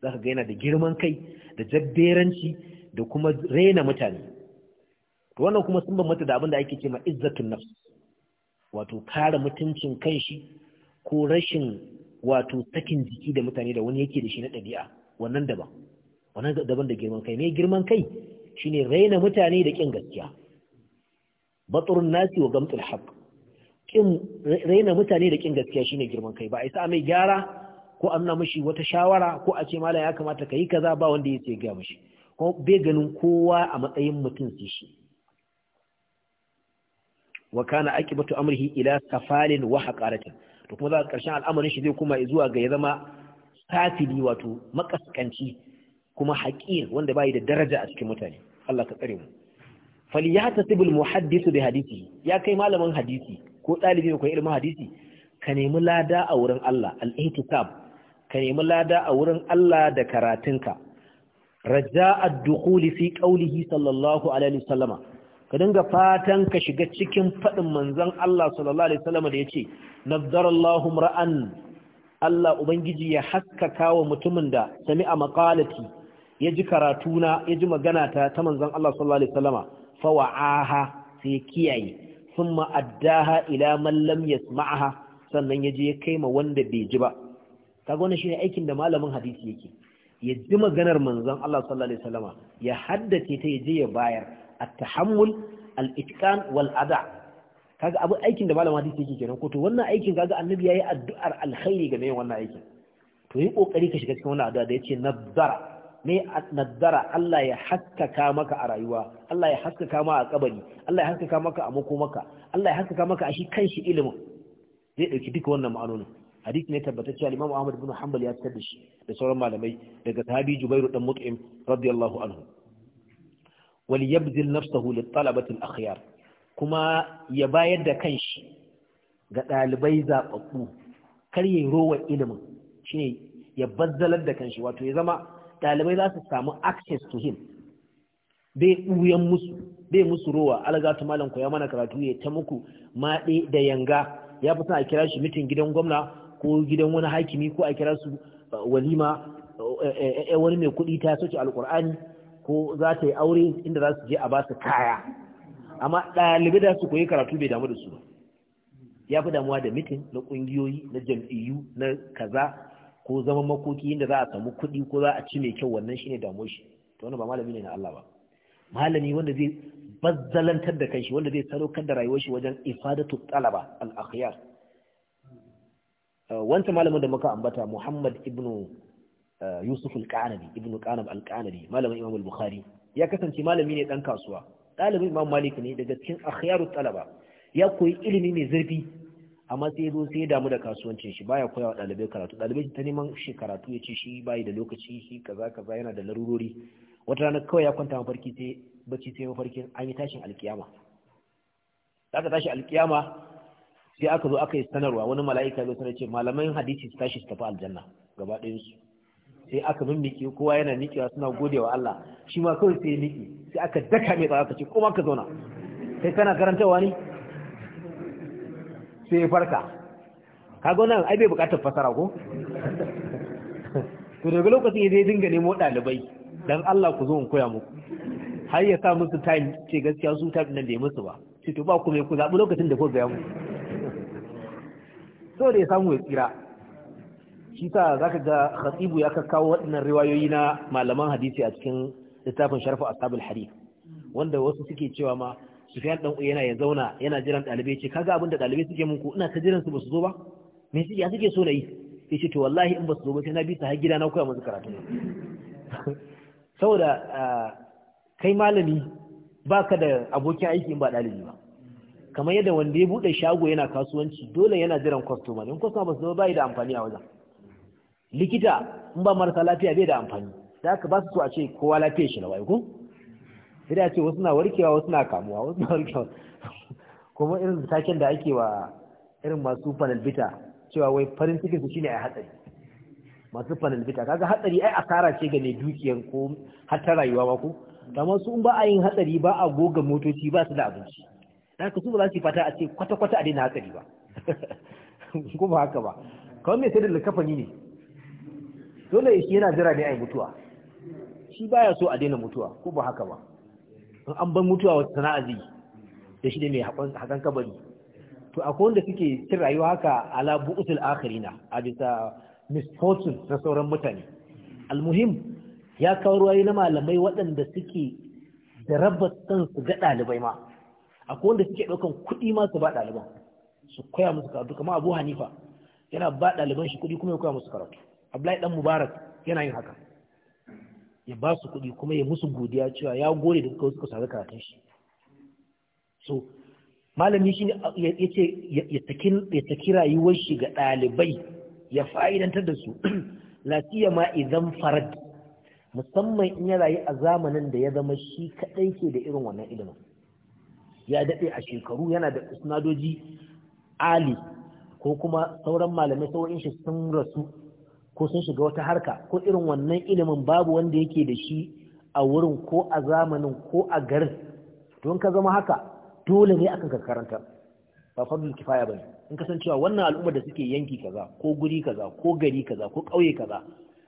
zaka ga yana da girman kai da jabberanci da kuma rena mutane wannan kuma sun bambanta da abin da ake cewa izzatun nafs wato kare mutuncin kanshi ko rashin wato sakin jiki da mutane da wani yake da shi na ɗabi'a wannan daban wannan daban da girman kai ne girman kai shine raina mutane da kin gaskiya batrun nasi wa gamtul haqq kin raina mutane da kin gaskiya shine girman kai ba a isa mai gyara ko an na mishi wata shawara ko a ce malam ya kamata kai kaza ba wanda ya ga mishi ko bai ganin kowa a matsayin mutum sai shi wa kana aqibatu amrihi ila safalin wa haqaratin to kuma za ka karshen al'amarin shi zai kuma zuwa ga ya zama safili wato makaskanci kuma haƙir wanda bai da daraja a cikin mutane Allah ka tsare mu falyahtasibul muhaddithu bi hadisi ya kai malamin hadisi ko dalibi ko ilmin hadisi ka nemi lada a wurin Allah al-ihtisab ka nemi lada a wurin Allah da karatunka raja'a ad-dukhuli fi qawlihi sallallahu alaihi wasallama ka dinga fatan ka shiga cikin faɗin manzon Allah sallallahu alaihi wasallam da yace nazarallahu ra'an Allah ubangiji ya haskaka wa mutumin da sami'a makalati ya ji karatuna ya ji magana ta ta manzon Allah sallallahu alaihi wasallama fa sai kiyaye thumma addaha ila man lam sannan ya je ya kai ma wanda bai ji ba kaga wannan shine aikin da malamin hadisi yake ya ji maganar manzon Allah ya haddace ta ya je ya bayar at-tahammul al-itqan wal ada kaga aikin da malama hadisi yake kenan ko to wannan aikin kaga annabi yayi addu'ar alkhairi game da wannan aikin to yi kokari ka shiga cikin wannan addu'a da yace nazzara me nazzara Allah ya haskaka maka a rayuwa Allah ya haskaka maka a kabari Allah ya haskaka maka a makomaka Allah ya haskaka maka a shi kanshi ilimin zai dauki duka wannan ma'anonin hadisi ne tabbatacce al-Imam Ahmad ibn Hanbal ya tsada da sauran malamai daga sahabi Jubairu dan Mut'im radiyallahu anhu wal yabdil nafsahu lit talabati al akhyar kuma ya bayar da kanshi ga dalibai zababbu kar yayi rowa ilimin shine ya bazzalar da kanshi wato ya zama dalibai za su samu access to him bai buyan musu bai musu rowa algatu malam ko ya mana karatu ya ta muku maɗe da yanga ya fi son a kira shi mitin gidan gwamna ko gidan wani hakimi ko a kira su walima wani mai kuɗi ta soke alkur'ani ko za ta yi aure inda za su je a ba su kaya amma ɗalibai da su koyi karatu bai damu da su ba ya fi damuwa da mitin na ƙungiyoyi na jam'iyyu na kaza ko zama makoki inda za a samu kuɗi ko za a ci mai kyau wannan shine damuwa shi to wannan ba malami ne na Allah ba malami wanda zai bazzalantar da kanshi wanda zai sadaukar da rayuwar shi wajen ifadatu talaba al-akhyar uh, wanta malamin da muka ambata Muhammad ibnu Yusuf al-Qanabi Ibn Qanab al-Qanabi malamin Imam al-Bukhari ya kasance malami ne dan kasuwa ɗalibin Imam Malik ne daga cikin akhyarut talaba ya koyi ilimi mai zurfi amma sai zo sai damu da kasuwancin shi baya koya wa ɗalibai karatu ɗalibai ta neman shi karatu ya ce shi bayi da lokaci shi kaza kaza yana da larurori wata rana kawai ya kwanta mafarki sai bacci sai mafarkin an yi tashin alkiyama aka tashi alkiyama sai aka zo aka yi sanarwa wani mala'ika zo sanar ce malaman hadisi su tashi su tafi aljanna gaba ɗayansu sai aka mimmike kowa yana miƙewa suna wa Allah shi ma kawai sai miki sai aka daka mai tsara ce kuma ka zauna sai kana karantarwa ne sai ya farka ka gona ai bai bukatar fasara ko to daga lokacin ya zai dinga nemo ɗalibai dan Allah ku zo in koya muku har ya sa musu time ce gaskiya su time nan ya musu ba ce to ba ku mai ku zaɓi lokacin da ku ga mu so da ya samu ya tsira shi sa za ka ga khatibu ya kawo waɗannan riwayoyi na malaman hadisi a cikin littafin sharfa ashabul hari wanda wasu suke cewa ma sufyan dan yana ya zauna yana jiran dalibai ce kaga abinda da dalibai suke muku ina ta jiran su ba su zo ba me suke ya suke so na yi yace to wallahi in ba su zo ba sai na bi ta har gida na koya musu karatu saboda kai malami baka da abokin aiki in ba dalibi ba kamar yadda wanda ya bude shago yana kasuwanci dole yana jiran customer in customer ba su zo ba da amfani a wajen likita in ba marasa lafiya bai da amfani da aka ba su so a ce kowa lafiya shi lawai ko sai da ce wasu na warkewa wasu na kamuwa wasu na warkewa kuma irin taken da ake wa irin masu bita cewa wai farin cikin su shine a hatsari masu bita kaga hatsari ai asara ce ga ne dukiyan ko har ta rayuwa ba ko kamar su in ba a yin hatsari ba a goga motoci ba su da abinci da haka su ba za su yi fata a ce kwata-kwata a daina hatsari ba kuma haka ba kawai mai sai da likafani ne dole shi yana jira ne a mutuwa shi baya so a daina mutuwa ko ba haka ba in an ban mutuwa wata sana'a zai da shi ne mai hakan kabari to akwai wanda suke cin rayuwa haka ala bu'usul akhirina a bisa misfortune na sauran mutane almuhim ya kawo ruwayi na malamai waɗanda suke da raba su ga ɗalibai ma akwai wanda suke ɗaukan kuɗi ma su ba ɗaliban su koya musu karatu kamar abu hanifa yana ba ɗaliban shi kuɗi kuma ya koya musu karatu Abdullahi dan Mubarak yana yin haka ya ba su kuɗi kuma ya musu godiya cewa ya gode da kuka suka samu karatun shi so malami shi ya ce ya saki rayuwar shi ga ɗalibai ya fa'idantar da su lafiya ma idan farad musamman in ya rayu a zamanin da ya zama shi kaɗai ke da irin wannan ilimin ya daɗe a shekaru yana da isnadoji ali ko kuma sauran malamai sauran shi sun rasu ko sun shiga wata harka ko irin wannan ilimin babu wanda yake da shi a wurin ko a zamanin ko a garin don ka zama haka dole ne akan ka karanta ba fadlul kifaya bane in ka san cewa wannan al'umma da suke yanki kaza ko guri kaza ko gari kaza ko ƙauye kaza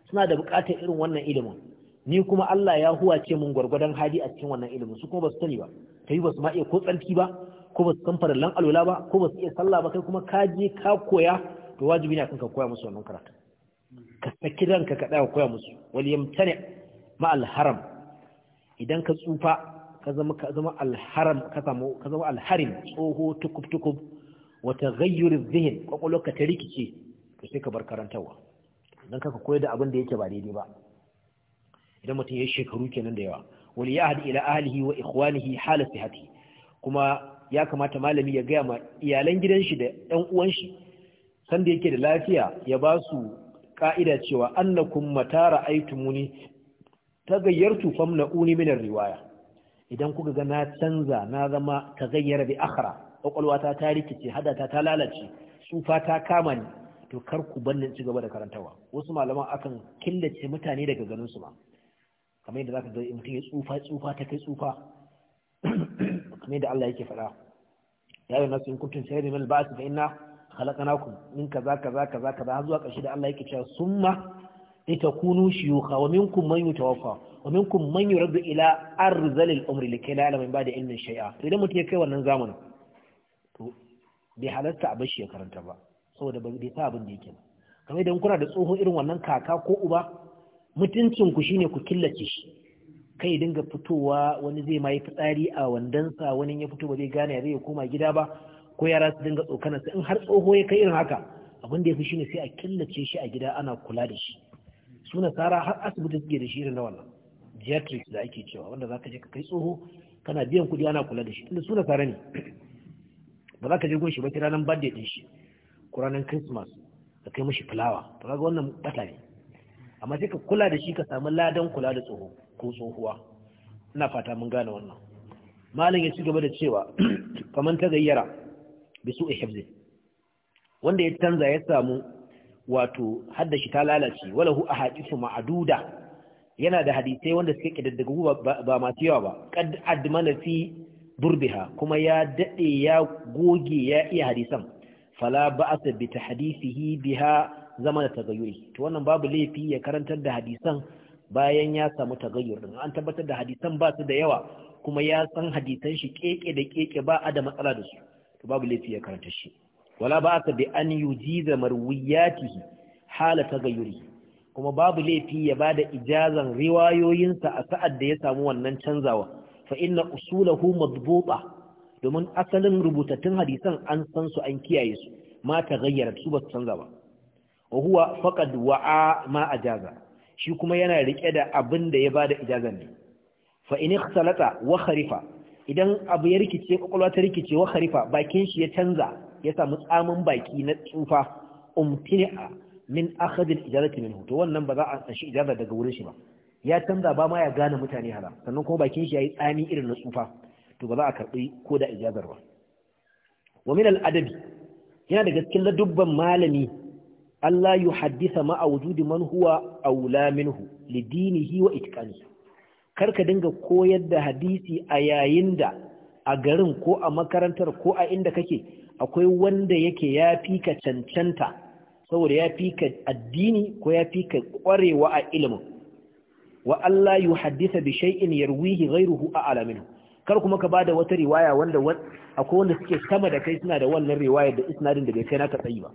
suna da buƙatar irin wannan ilimin ni kuma Allah ya huwa ce mun gwargwadon hali a cikin wannan ilimin su kuma ba su sani ba kai ba su ma iya ko tsanti ba ko ba su san farallan alwala ba ko ba su iya sallah ba kai kuma ka je ka koya to wajibi ne akan ka koya musu wannan karatu ka saki ranka ka daya koya musu wal yamtani ma al haram idan ka tsufa ka zama ka zama al haram ka samu ka zama al harim tsoho tukub tukub wa taghayyur adh-dhihn ka ta rikice to sai ka bar karantawa dan ka koyar da abin da yake ba daidai ba idan mutum ya shekaru kenan da yawa wal ya'had ila ahlihi wa ikhwanihi hala sihati kuma ya kamata malami ya gaya ma iyalan gidan shi da ɗan uwan shi sanda yake da lafiya ya ba su ka'ida cewa annakum mata ra'aytumuni tagayyartu famna'uni min riwaya idan kuka ga na canza na zama gayyar bi akhra kwakwalwata ta rikice hadata ta lalace tsufa ta kama ni to kar ku bannin ci gaba da karantawa wasu malaman akan killace mutane daga ganin su ma kamar yadda zaka ga in kai tsufa tsufa ta kai tsufa kamar yadda Allah yake faɗa ya yi nasu in kuntum sayyidu da al-ba'th fa inna khalaqnakum min kaza kaza kaza kaza har zuwa ƙarshe da Allah yake cewa summa litakunu shuyukha wa minkum man yutawaffa wa minkum man yuraddu ila arzalil umri likay la ya'lamu ba'da ilmin shay'a to idan mutum ya kai wannan zamanin to bai halarta a bashi ya karanta ba saboda ba bai sa abin da yake ba kamar idan kuna da tsoho irin wannan kaka ko uba mutuncin ku shine ku killace shi kai dinga fitowa wani zai ma yi fitsari a wandansa wani ya fito ba zai gane ya zai koma gida ba ko yara su dinga tsokanar in har tsoho ya kai irin haka abin da ya fi shi ne sai a killace shi a gida ana kula da shi su nasara har asibiti suke da shi irin na wannan geriatrics da ake cewa wanda za ka je ka kai tsoho kana biyan kuɗi ana kula da shi inda su nasara ne ba za ka je gunshi ba ki ranar birthday din shi ko ranar christmas ka kai mashi fulawa to ga wannan bata ne amma sai ka kula da shi ka samu ladan kula da tsoho ko tsohuwa ina fata mun gane wannan malam ya ci gaba da cewa kamar ta gayyara bisu ihfzi wanda ya canza ya samu wato haddashi ta lalace wala walahu ahadithu ma'duda yana da hadisai wanda suke kidaddagu ba masu yawa ba qad admana fi durbiha kuma ya dade ya goge ya iya hadisan fala ba'as bi tahdithihi biha zaman tagayyuri to wannan babu laifi ya karantar da hadisan bayan ya samu tagayyur din an tabbatar da hadisan ba su da yawa kuma ya san hadisan shi keke da keke ba a da matsala da su babu laifi ya karanta shi wala ba aka bi an yujiza marwiyatihi hala tagayyuri kuma babu laifi ya bada ijazan riwayoyinsa a sa'ad da ya samu wannan canzawa fa inna usulahu madbuta domin asalin rubutattun hadisan an san su an kiyaye su ma tagayyara su ba su canza ba wa huwa faqad wa'a ma ajaza shi kuma yana rike da abin da ya bada ijazan ne fa in ikhtalata wa kharifa idan abu ya rikice kwakwalwa ta rikice wa bakin shi ya canza ya samu tsamin baki na tsufa a min akhadin ijarati minhu to wannan ba za a tsashi ijaza daga wurin shi ba ya canza ba ma ya gane mutane hala sannan kuma bakin shi yayi tsami irin na tsufa to ba za a karbi ko da ijazar ba wa min al adabi yana daga cikin ladubban malami Allah yuhaddisa ma'a wujudi man huwa aula minhu lidinihi wa itqanihi kar ka dinga koyar da hadisi a yayin da a garin ko a makarantar ko a inda kake akwai wanda yake ya fi ka cancanta saboda ya fi ka addini ko ya fi ka kwarewa a ilimin wa Allah yu haddisa bi shay'in yarwihi ghayruhu a alamin kar kuma ka bada wata riwaya wanda akwai wanda suke sama da kai suna da wannan riwaya da isnadin da bai kai naka tsayi ba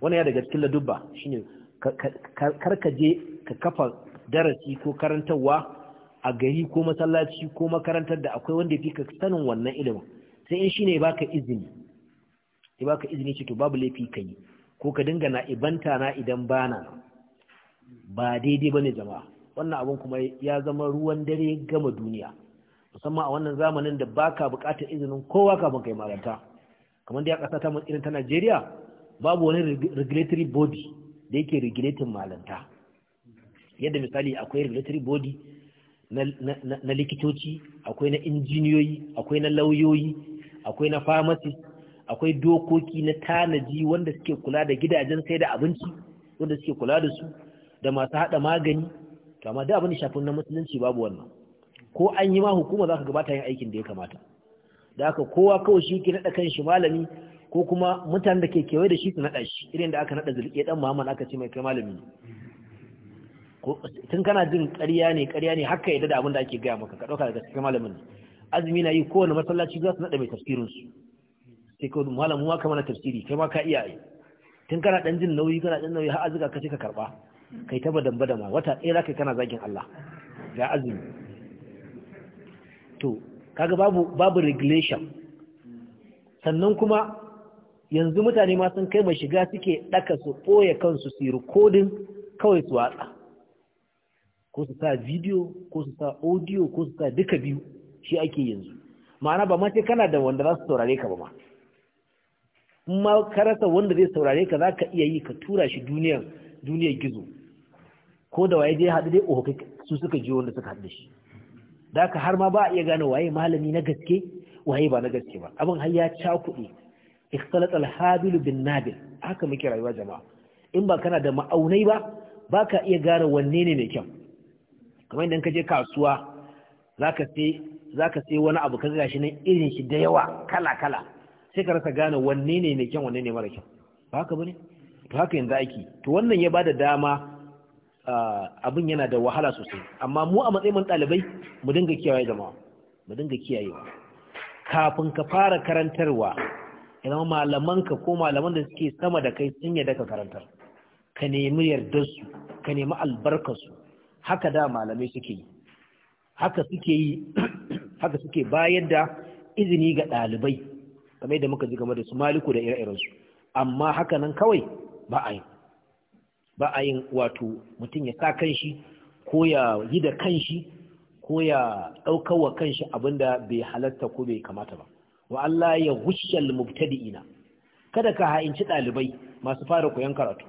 wannan ya daga cikin ladubba shine kar ka je ka kafa darasi ko karantarwa a gari ko masallaci ko makarantar da akwai wanda fi ka sanin wannan ilimin sai in shine baka izini ya baka izini ce to babu laifi ka yi ko ka dinga na ibanta na idan bana ba daidai ba ne jama'a wannan abun kuma ya zama ruwan dare gama duniya musamman a wannan zamanin da baka bukatar izinin kowa kafin kai maganta kamar da ya kasa ta irin ta Najeriya babu wani regulatory body da yake regulating malanta yadda misali akwai regulatory body na likitoci akwai na injiniyoyi akwai na lauyoyi akwai na famasi, akwai dokoki na tanaji wanda suke kula da gidajen sai da abinci wanda suke kula da su da masu hada magani to amma da abin shafin na musulunci babu wannan ko an yi ma hukuma za ka gabata yin aikin da ya kamata da haka kowa kawai shi ke naɗa kan shi malami ko kuma mutanen da ke kewaye da shi su naɗa shi irin da aka naɗa zulke ɗan muhammad aka ce mai kai malami tun kana jin ƙarya ne ƙarya ne haka yadda da abin da ake gaya maka ka ɗauka daga cikin malamin ne azumi na yi kowane masallaci za su naɗa mai tafsirin su sai kawai malam ma kama na tafsiri kai ma ka iya yi tun kana ɗan jin nauyi kana ɗan nauyi har azuka ka ce ka karɓa kai ta badan ma wata ɗaya za ka kana zagin Allah ga azumi to kaga babu babu regulation sannan kuma yanzu mutane ma sun kai mai shiga suke ɗaka su ɓoye kansu su yi rikodin kawai su watsa ko su sa video ko su sa audio ko su sa duka biyu shi ake yanzu ma'ana ba ma sai kana da wanda za su saurare ka ba ma in ma ka wanda zai saurare ka za ka iya yi ka tura shi duniyar duniyar gizo ko da waye dai haɗu dai oho su suka ji wanda suka haɗu shi da ka har ma ba a iya gane waye malami na gaske waye ba na gaske ba abin har ya cakuɗe ikhtalat al-habil bin nabil haka muke rayuwa jama'a in ba kana da ma'aunai ba baka iya gane wanne ne mai kyau kamar idan ka je kasuwa zaka sai zaka sai wani abu ka shi nan irin shi da yawa kala kala sai ka rasa gane wanne ne mai kyan wanne ne mara kyan ba haka bane to haka yanzu aiki to wannan ya bada dama abin yana da wahala sosai amma mu a matsayin ɗalibai mu dinga kiyaye jama'a mu dinga kiyayewa kafin ka fara karantarwa idan malamanka ko malaman da suke sama da kai sun yadda ka karantar ka nemi su, ka nemi su. haka da malamai suke yi haka suke yi haka suke bayar da izini ga ɗalibai kamar da muka ji game da su maliku da ire-irensu amma haka nan kawai ba a yi ba a yi wato mutum ya sa kanshi ko ya yi da kanshi ko ya ɗaukar wa kanshi abinda bai halatta ko bai kamata ba wa Allah ya hushal mubtadi'ina kada ka ha'inci ɗalibai masu fara koyon karatu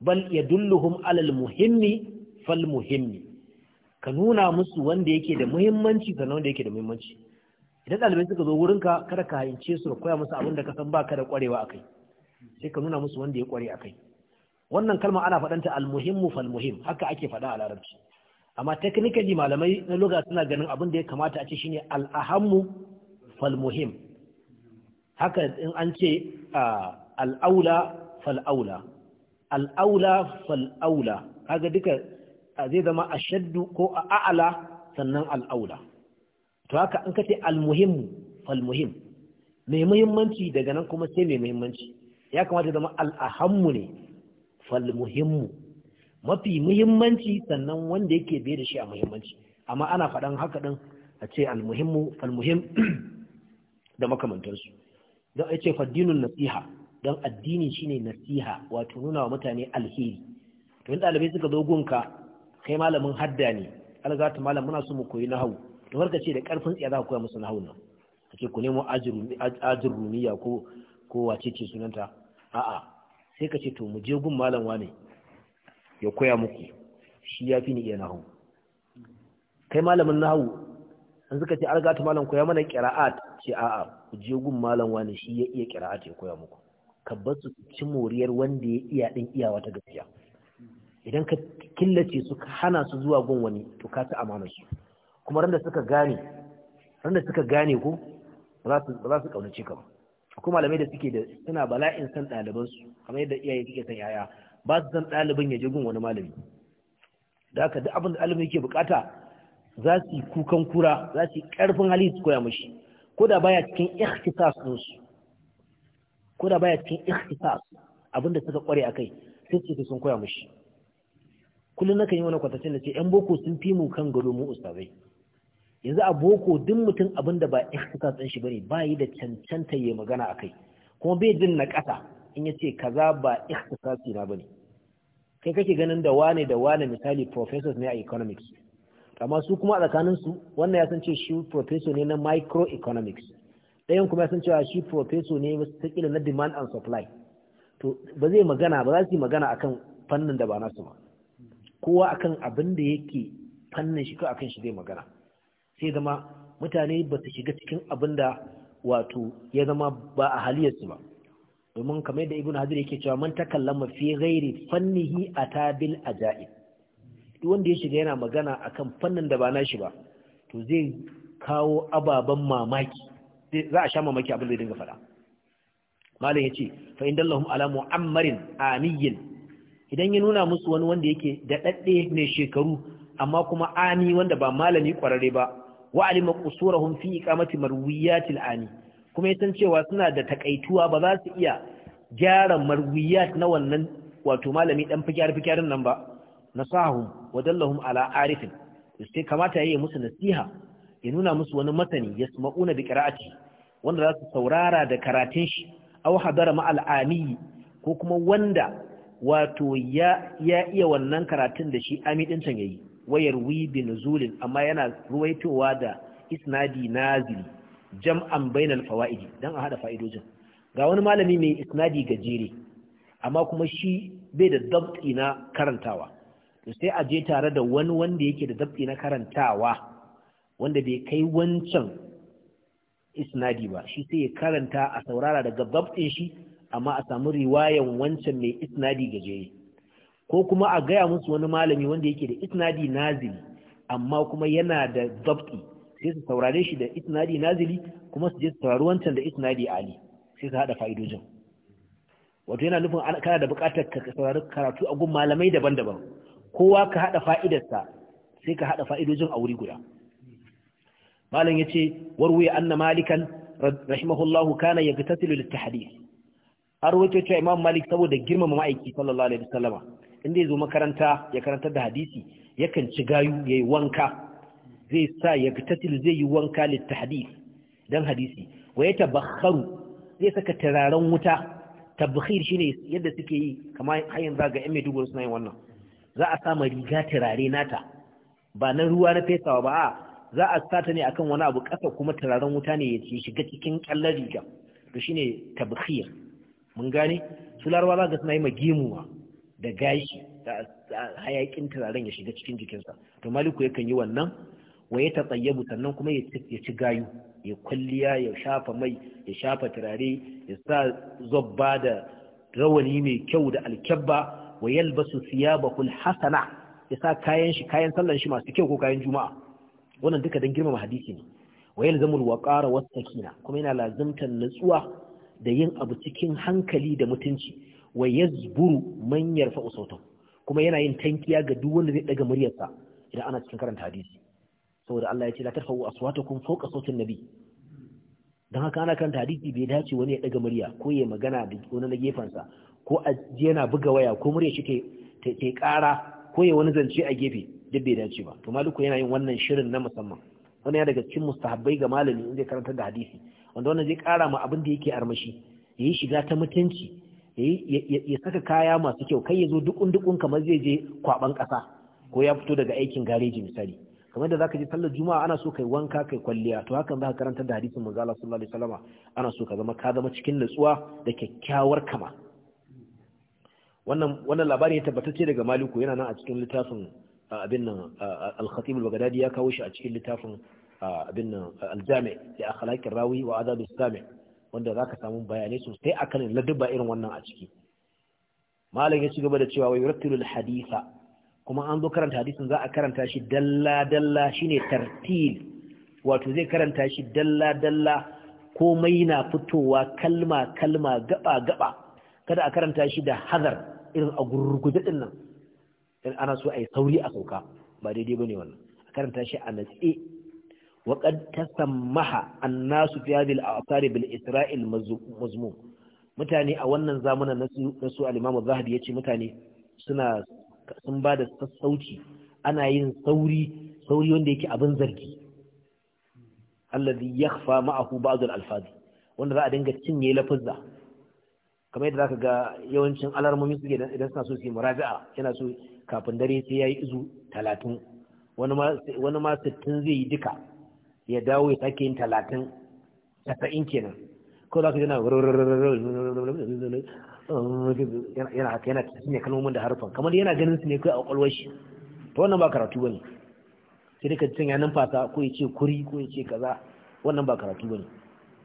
bal yadulluhum alal muhimmi fal muhimmi ka nuna musu wanda yake da muhimmanci sannan wanda yake da muhimmanci idan ɗalibai suka zo wurinka kada ka hayince su da koya musu abin da ka san baka da kwarewa akai sai ka nuna musu wanda ya kware akai wannan kalma ana faɗanta almuhimmu fal muhim haka ake faɗa a larabci amma technically malamai na lugha suna ganin abin da ya kamata a ce shine al ahammu fal muhim haka in an ce al aula fal aula al aula fal aula kaga duka zai zama a shaddu ko a a'ala sannan al'aula to haka an ka ce al-muhim fal mai muhimmanci daga nan kuma sai mai muhimmanci ya kamata zama al-ahammu ne fal mafi muhimmanci sannan wanda yake bai da shi a muhimmanci amma ana faɗan haka ɗin a ce al fal-muhim da makamantansu don a ce faddinun nasiha don addini shine nasiha wato nuna wa mutane alheri to in ɗalibai suka zo gunka kai malamin hadda ne ta malam muna so mu koyi nahawu to ka ce da karfin tsiya za ka koya musu nahawu nan kace ku nemo ajin rumiya ko ko wace ce sunanta a'a sai ka ce to mu je gun malam wane ya koya muku shi ya fi ni iya nahawu kai malamin nahawu an suka ce ta malam koya mana qira'at ce a'a ku je gun malam wane shi ya iya qira'at ya koya muku kabbar su ci moriyar wanda ya iya din iyawa ta gaskiya idan ka killace su ka hana su zuwa gun wani to ka ta amana su kuma randa suka gane randa suka gane ko ba za su kaunace ka ba malamai da suke da suna bala'in san ɗaliban su kamar yadda iyaye suke san yaya ba su san ɗaliban ya je gun wani malami da haka duk abin da ɗalibin yake bukata za su yi kukan kura za su yi ƙarfin hali su koya mashi ko da baya cikin ikhtisas su, ko da baya cikin ikhtisas abinda suka kware akai sai su sun koya mashi kullum nakan yi wani kwatacin da ce yan boko sun fi mu kan gado mu ustazai yanzu a boko duk mutum abin da ba ikhtisas ɗin shi bane ba yi da cancanta ya magana a kai, kuma bai jin na ƙasa in ce kaza ba ikhtisasi na bane kai kake ganin da wane da wane misali professors ne a economics amma su kuma a tsakanin su wannan ya san ce shi professor ne na microeconomics ɗayan kuma ya san cewa shi professor ne wata na demand and supply to ba zai magana ba za su yi magana akan fannin da ba nasu ba kowa akan abin da yake fannin shi ko akan shi zai magana sai zama mutane ba su shiga cikin abin da wato ya zama ba a haliyarsu ba domin kamar da ibn hajar yake cewa man takallama fi ghairi fannihi atabil ajaib duk wanda ya shiga yana magana akan fannin da ba shi ba to zai kawo ababen mamaki za a sha mamaki abin da ya dinga faɗa malam ya ce, fa indallahum ala mu'ammarin amiyin idan ya nuna musu wani wanda yake da ɗaɗɗe mai shekaru amma kuma ani wanda ba malami ƙwararre ba wa alima qusurahum fi iqamati marwiyatil ani kuma ya san cewa suna da takaituwa ba za su iya gyara marwiyat na wannan wato malami dan fikiyar fikiyarin nan ba nasahum wa dallahum ala arifin sai kamata yayi musu nasiha ya nuna musu wani masani yasma'una bi qira'ati wanda za su saurara da karatun shi aw hadara ma al'ami ko kuma wanda wato ya iya wannan karatun da shi amidin can yi, wayar wi bi amma yana ruwaitowa da isnadi nazili jam'an bainal fawaidi dan a haɗa fa'idojin ga wani malami mai isnadi gajere amma kuma shi bai da dabti na karantawa to sai a je tare da wani wanda yake da dabti na karantawa wanda bai kai wancan isnadi ba shi sai ya karanta a saurara daga dabtin shi amma a samu riwayan wancan mai isnadi gajere ko kuma a gaya musu wani malami wanda yake da isnadi nazili amma kuma yana da zabti sai su saurare shi da isnadi nazili kuma su je su saurari wancan da isnadi ali sai su haɗa fa'idojin wato yana nufin kana da buƙatar ka saurari karatu a gun malamai daban-daban kowa ka haɗa fa'idarsa sai ka haɗa fa'idojin a wuri guda malam ya ce anna malikan rahimahullahu kana ya lit tahdith har wato cewa Imam Malik saboda girmama ma'aiki sallallahu alaihi wasallama inda yazo makaranta ya karantar da hadisi yakan ci gayu yayi wanka zai sa ya fitatil zai yi wanka tahdis dan hadisi wa ya tabakharu zai saka tararan wuta tabkhir shine yadda suke yi kamar hayan zaga yan Maiduguri suna yin wannan za a sa riga turare nata ba na ruwa na fesawa ba a za a sata ne akan wani abu kasa kuma turaren wuta ne ya shiga cikin kallon riga to shine tabkhir mun gane su larwa za ga suna yi magimuwa da gashi da hayakin turaren ya shiga cikin jikinsa to maliku yakan yi wannan wa ya tatsayyabu sannan kuma ya ci gayu ya kwalliya ya shafa mai ya shafa turare ya sa zobba da rawani mai kyau da alkyabba wa yalbasu bakul hasana ya sa kayan shi kayan sallan shi masu kyau ko kayan juma'a wannan duka dan girmama hadisi ne wa yalzamul waqara wasakina kuma yana lazimtan nutsuwa da yin abu cikin hankali da mutunci wa yazburu man yarfa'u sautahu kuma yana yin tankiya ga duk wanda zai daga muryarsa idan ana cikin karanta hadisi saboda Allah ya ce la tarfa'u aswatakum fawqa sautin nabi dan haka ana karanta hadisi bai dace wani ya daga murya ko ya magana da wani na gefensa ko a yana buga waya ko murya shi ta ta kara ko ya wani zance a gefe duk bai dace ba to maliku yana yin wannan shirin na musamman Wani ya daga cikin mustahabbai ga malami in zai karanta da hadisi wanda wannan zai kara ma abin da yake armashi ya yi shiga ta mutunci ya saka kaya masu kyau kai ya zo dukun dukun kamar zai je kwaban ƙasa ko ya fito daga aikin gareji misali kamar da zaka je sallar juma'a ana so kai wanka kai kwalliya to hakan za ka karanta da hadisin manzo Allah sallallahu alaihi wasallam ana so ka zama ka zama cikin nutsuwa da kyakkyawar kama wannan wannan labari ya tabbatacce daga Maliku yana nan a cikin littafin abin nan al-Khatib al-Baghdadi ya kawo shi a cikin littafin abin nan aljami da akhlaqir rawi wa adab sami wanda zaka samu bayanai sosai akan ladaba irin wannan a ciki malam ya ci gaba da cewa wa yurattilu alhadisa kuma an zo karanta hadisin za a karanta shi dalla dalla shine tartil wato zai karanta shi dalla dalla komai na fitowa kalma kalma gaba gaba kada a karanta shi da hazar irin a gurguje din nan ana so a yi sauri a sauka ba daidai bane wannan a karanta shi a natse وقد تسمح الناس في هذه الآثار بالإسراء المذموم mutane a wannan zamanin na su alimamu zahabi yace mutane suna sun bada sassauci ana yin sauri sauri wanda yake abin zargi alladhi yakhfa ma'ahu ba'd al-alfaz wanda za a dinga cinye lafazza kamar yadda zaka ga yawancin alarmomi suke idan suna so su yi muraja'a yana so kafin dare sai yayi izu 30 wani ma wani ma 60 zai yi duka ya dawo ya sake yin talatin tasa'in kenan ko za ka yana yana yana da harfan kamar yana ganin su ne kai a kwakwalwar shi to wannan ba karatu bane sai dai ka ya numfasa ko ya ce kuri ko ya ce kaza wannan ba karatu bane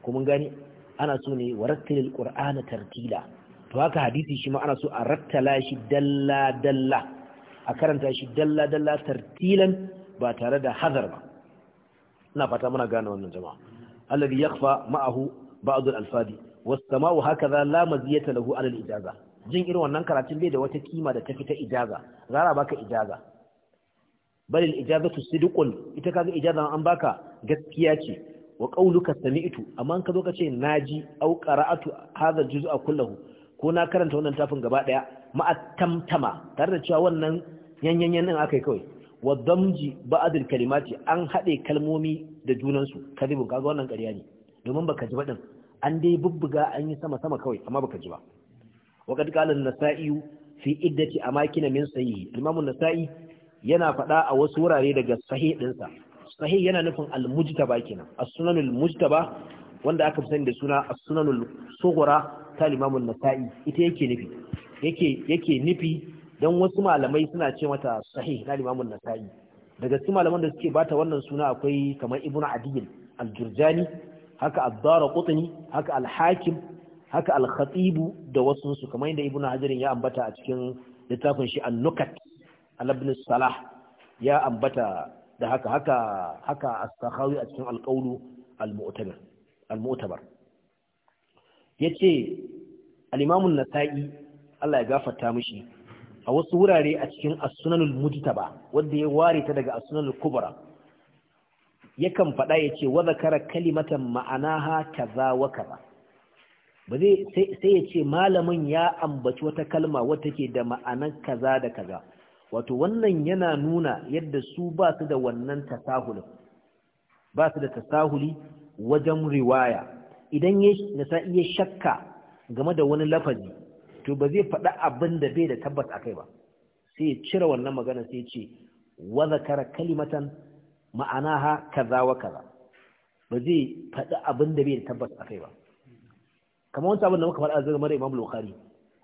ko mun gane ana so ne warattilil qur'ana tartila to haka hadisi shi ana so a rattala shi dalla dalla a karanta shi dalla dalla tartilan ba tare da hazar ina fata muna gane wannan jama'a alladhi yakhfa ma'ahu ba'd al-alfadi was-sama'u hakaza la maziyata lahu 'ala al-ijaza jin irin wannan karatun bai da wata kima da ta fita ijaza zara baka ijaza balil ijazatu sidqun ita kaga ijaza an baka gaskiya ce wa qauluka sami'tu amma an ka zo ka ce naji au qara'atu hadha juz'a kullahu ko na karanta wannan tafin gaba daya ma'a tare da cewa wannan yanyanyen din akai kawai wa damji ba'adul kalimati an haɗe kalmomi da junansu kadibun kaga wannan ƙarya ne domin baka ji baɗin an dai bubbuga an yi sama sama kawai amma baka ji ba wa kad qala an-nasa'i fi iddati amakin min sayyi imamu nasai yana faɗa a wasu wurare daga sahih ɗinsa sahih yana nufin al-mujtaba kenan as-sunanul mujtaba wanda aka fi sani da suna as-sunanul sughra ta imamu nasai ita yake nufi yake yake nufi don wasu malamai suna ce mata sahih na limamun nasa'i daga cikin malaman da suke bata wannan suna akwai kamar ibn adil al-jurjani haka ad-dara qutni haka al-hakim haka al-khatibu da wasu su kamar inda ibn hajar ya ambata a cikin littafin shi an-nukat al-ibn salah ya ambata da haka haka haka as-sakhawi a cikin al-qawlu al-mu'tabar al-mu'tabar yace al-imam an-nasa'i Allah ya gafarta mishi a wasu wurare a cikin as-sunanul mujtaba wanda ya ware ta daga as-sunanul kubra yakan faɗa ya ce wa zakara kalimatan ma'anaha kaza wa kaza ba zai sai ya ce malamin ya ambaci wata kalma wata ke da ma'anan kaza da kaza wato wannan yana nuna yadda su ba su da wannan ba su da tasahuli wajen riwaya idan ya iya shakka game da wani lafazi to ba zai faɗa abin da bai da tabbas a kai ba sai cire wannan magana sai ce wa zakara kalimatan ha kaza wa kaza ba zai faɗi abin da bai da tabbas a kai ba kamar wancan abin da muka faɗa zai mara Imam Bukhari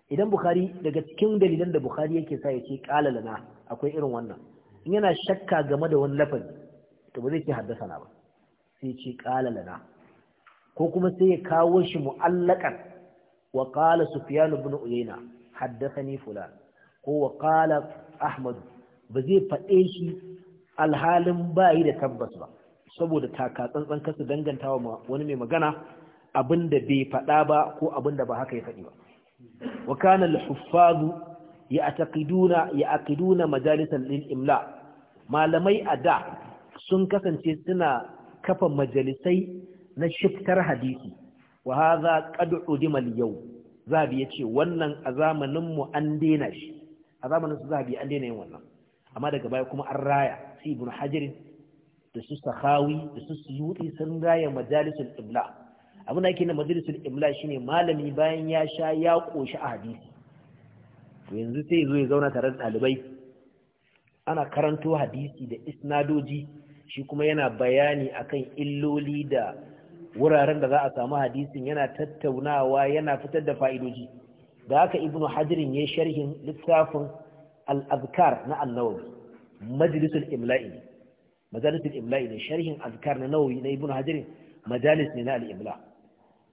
idan Bukhari daga cikin dalilan da Bukhari yake sa ya ce kalalana lana akwai irin wannan in yana shakka game da wani lafazi to ba zai ce haddasa na ba sai ce qala lana ko kuma sai ya kawo shi mu'allakan wa qala sufyan ibn haddasa haddathani fulan ko wa Ahmadu ba zai faɗe shi alhalin bayi da tabbas ba saboda taka tsantsan kasu dangantawa wani mai magana abinda bai faɗa ba ko abinda ba haka ya faɗi ba wa kana al-huffaz ya'taqiduna ya'qiduna majalisan lil imla malamai a da sun kasance suna kafa majalisai na shiftar hadisi wa hadha qad udima al-yawm zabi yace wannan a zamanin mu an daina shi a zamanin su zabi an daina yin wannan amma daga baya kuma an raya si ibn hajar da su sahawi da su suyuti sun raya majalisul ibla abin da yake na majalisul ibla shine malami bayan ya sha ya koshi a hadisi to yanzu sai zo ya zauna tare da ɗalibai ana karanto hadisi da isnadoji shi kuma yana bayani akan illoli da wuraren da za a samu hadisin yana tattaunawa yana fitar da fa'idoji da haka Ibn hajirin ya sharhin littafin al-azkar na annawawi majalisul imla'i majalisul imla'i ne sharhin azkar na nawawi na majalis ne na al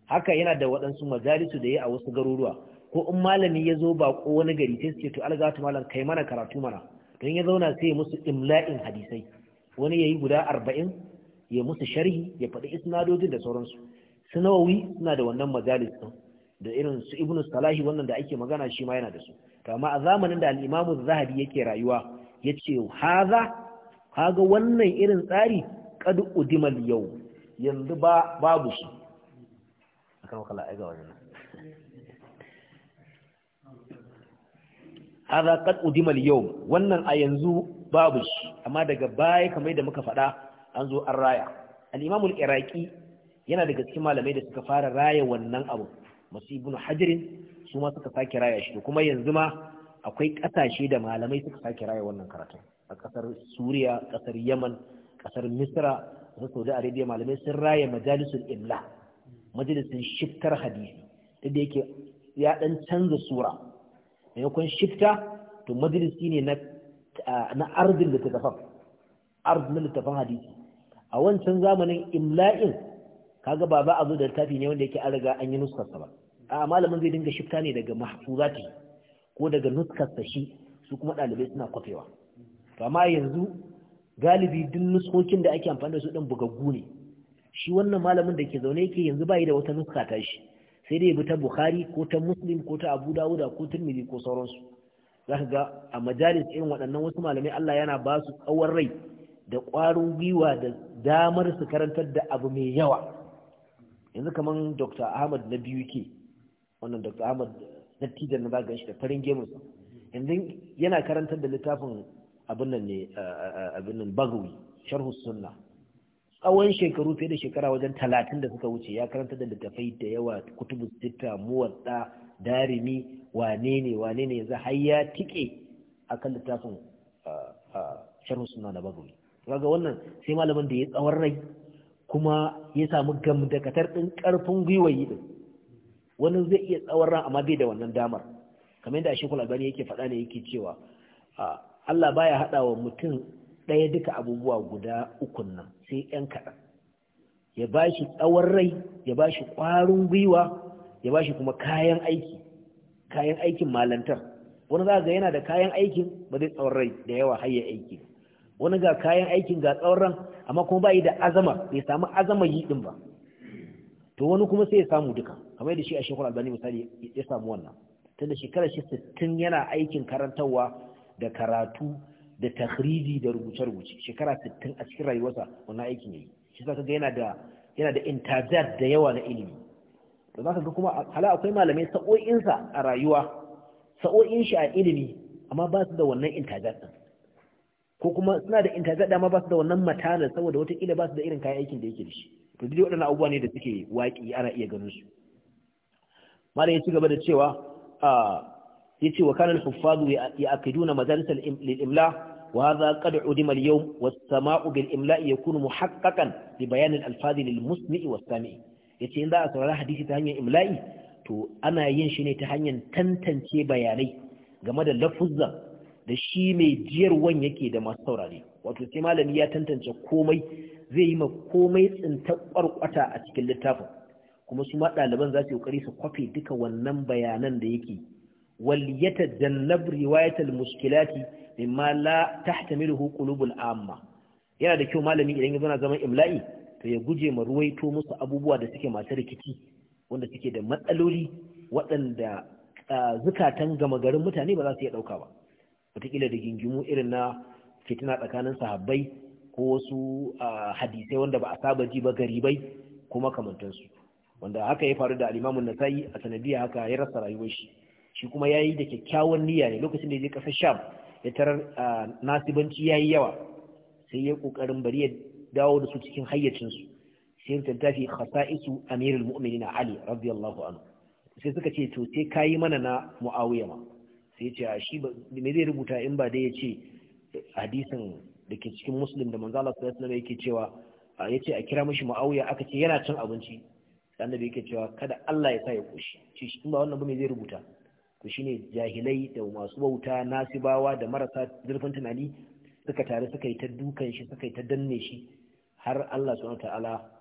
haka yana da waɗansu majalisu da ya a wasu garuruwa ko in malami ya zo bako wani gari sai suke ce to algatu malam kai mana karatu mana don ya zauna sai musu imla'in hadisai wani yayi guda arba'in ya musu sharhi ya faɗi isnadojin da sauransu su nawawi suna da wannan majalis ɗin da irin su ibnu salahi wannan da ake magana shi ma yana da su kama a zamanin da al-imamu zahabi yake rayuwa yace ce haza kaga wannan irin tsari kad udimal yau yanzu ba babu shi akan kala aiga wannan haza kad udimal yau wannan a yanzu babu shi amma daga baya kamar da muka faɗa an zo an raya al-imam al yana daga cikin malamai da suka fara raya wannan abu masu ibnu hajirin su ma suka sake raya shi kuma yanzu ma akwai ƙasashe da malamai suka sake raya wannan karatun a ƙasar suriya ƙasar yaman ƙasar misra da saudi arabia malamai sun raya majalisul imla majalisun shiftar hadisi duk da yake ya dan canza sura maimakon shifta to majalisi ne na na ardin littattafan ardin hadisi a wancan zamanin imla'in kaga ba ba a zo da littafi ne wanda yake an riga an yi nuskarsa ba a malamin zai dinga shifta ne daga mahfuzati ko daga nuskarsa shi su kuma ɗalibai suna kwafewa to amma yanzu galibi duk nuskokin da ake amfani da su ɗin bugaggu ne shi wannan malamin da ke zaune yake yanzu yi da wata nuska ta shi sai dai bi ta bukhari ko ta muslim ko ta abu dawuda ko turmidi ko sauransu Zaka ga a majalis irin waɗannan wasu malamai allah yana ba su tsawon rai da ƙwarin gwiwa da damar su karantar da abu mai yawa yanzu kamar dr ahmad na biyu ke wannan dr ahmad na tijar na zagan shi da farin gemunsa yanzu yana karantar da littafin abin nan ne abin nan bagawi sharhu sunna tsawon shekaru fiye da shekara wajen talatin da suka wuce ya karanta da littafai da yawa kutubu sita muwadda darimi wane ne wane ne yanzu har ya tike akan littafin sharhu sunna da bagawi kaga wannan sai malamin da ya tsawon rai kuma ya samu gamdakatar ɗin ƙarfin gwiwa yi ɗin wani zai iya tsawon ran amma bai da wannan damar kamar yadda ashekul albani yake faɗa ne yake cewa Allah baya haɗa wa mutum ɗaya duka abubuwa guda ukun nan sai ‘yan kaɗan ya ba shi tsawon rai ya ba shi ƙwarin gwiwa ya ba shi kuma kayan aiki kayan aikin malantar wani za ga yana da kayan aikin ba zai tsawon rai da yawa har ya aiki wani ga kayan aikin ga tsauran ran amma kuma ba yi da azama bai samu azama yi din ba to wani kuma sai ya samu duka kamar da shi a shekul albani misali ya samu wannan tunda shekarar shi sittin yana aikin karantarwa da karatu da tahridi da rubuce-rubuce shekara sittin a cikin rayuwarsa wannan aikin ne. shi za ga yana da yana da intajat da yawa na ilimi to za ka ga kuma hala akwai malamai sa'o'insa a rayuwa sa'o'in shi a ilimi amma ba su da wannan intajat din ko kuma suna da intanet dama ba su da wannan matana saboda watakila ba su da irin kayan aikin da yake da shi to duk waɗannan abubuwa ne da suke waƙi ana iya ganin su mala ya ci gaba da cewa ya ce wa kanan huffadu ya akiduna majalisar imla wa hadha qad udima al-yawm was-sama'u bil imla'i yakunu muhaqqaqan bi bayan al-alfazi lil musmi'i was-sami'i yace in za a saurari hadisi ta hanyar imla'i to ana yin shi ne ta hanyar tantance bayanai game da lafuzan. da shi mai jiyarwan yake da masu saurare wato sai malami ya tantance komai zai yi ma komai tsinta kwarkwata a cikin littafin kuma su ma ɗaliban za su yi su kwafe duka wannan bayanan da yake wal jannab riwayatul mushkilati mimma la tahtamiluhu qulubul amma yana da kyau malami idan ya zana zama imla'i to ya guje ma ruwaito musu abubuwa da suke masu rikici wanda suke da matsaloli waɗanda ah, zukatan gama garin mutane ba za su iya ɗauka ba watakila da gingimu irin na fitina tsakanin sahabbai ko wasu hadisai wanda ba a saba ji ba garibai kuma kamantansu wanda haka ya faru da alimamun nasa'i a sanadiya haka ya rasa rayuwar shi shi kuma ya yi da kyakkyawan niyya ne lokacin da ya je ƙasar sham ya tarar nasibanci ya yi yawa sai ya ƙoƙarin bari ya dawo da su cikin hayyacinsu sai ya kasa khasa'isu amirul mu'minina ali radiyallahu anhu sai suka ce to sai kayi mana na muawiya ma sai ce a shi me zai rubuta in ba dai ya ce hadisin da ke cikin musulun da manzo Allah sallallahu alaihi yake cewa ya ce a kira mishi ma'auya aka ce yana cin abinci annabi yake cewa kada Allah ya sa ya koshi shi in ba wannan ba me zai rubuta to shine jahilai da masu bauta nasibawa da marasa zurfin tunani suka tare suka yi ta dukan shi suka yi ta danne shi har Allah subhanahu ta'ala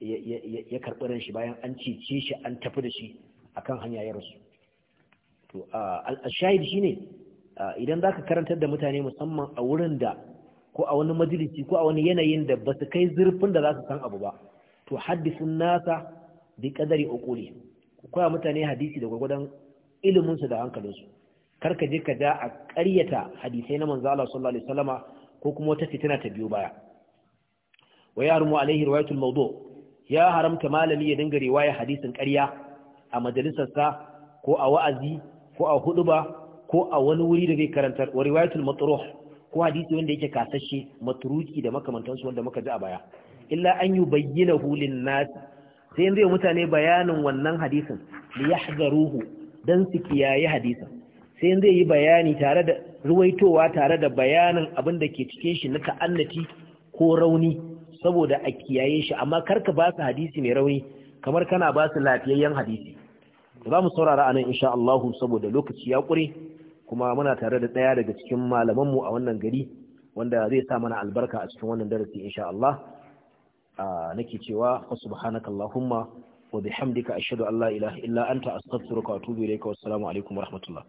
ya karɓi ran shi bayan an cece shi an tafi da shi akan hanya ya rasu to al-shahid ne, idan za ka karantar da mutane musamman a wurin da ko a wani majalisi ko a wani yanayin da ba su kai zurfin da za su san abu ba to haddisin nasa bi kadari ukuli ku koya mutane hadisi da gwagwadon ilimin su da hankalinsu, kar ka je ka ja a ƙaryata hadisai na manzo Allah sallallahu alaihi wasallama ko kuma wata fitina ta biyo baya wa rumu alaihi riwayatul mawdu ya haramta malami ya dinga riwaya hadisin ƙarya a majalisarsa ko a wa'azi ko a hudu ba ko a wani wuri da zai karantar wa riwayatul matruh ko hadisi wanda yake kasashe matruki da su wanda muka ji a baya illa an yubayyinahu lin nas sai yanzu mutane bayanin wannan hadisin li yahzaruhu dan su kiyaye hadisin sai yanzu yi bayani tare da ruwaitowa tare da bayanin abin da ke cikin shi na ta'annati ko rauni saboda a kiyaye shi amma karka ba su hadisi mai rauni kamar kana ba su lafiyayyen hadisi za mu saurara a nan insha Allah saboda lokaci ya ƙure kuma muna tare da ɗaya daga cikin malaman mu a wannan gari wanda zai sa mana albarka a cikin wannan darasi insha Allah nake cewa wa Allahumma wa bihamdika ashhadu an la ilaha illa anta astaghfiruka wa atubu ilayka wassalamu alaikum wa rahmatullah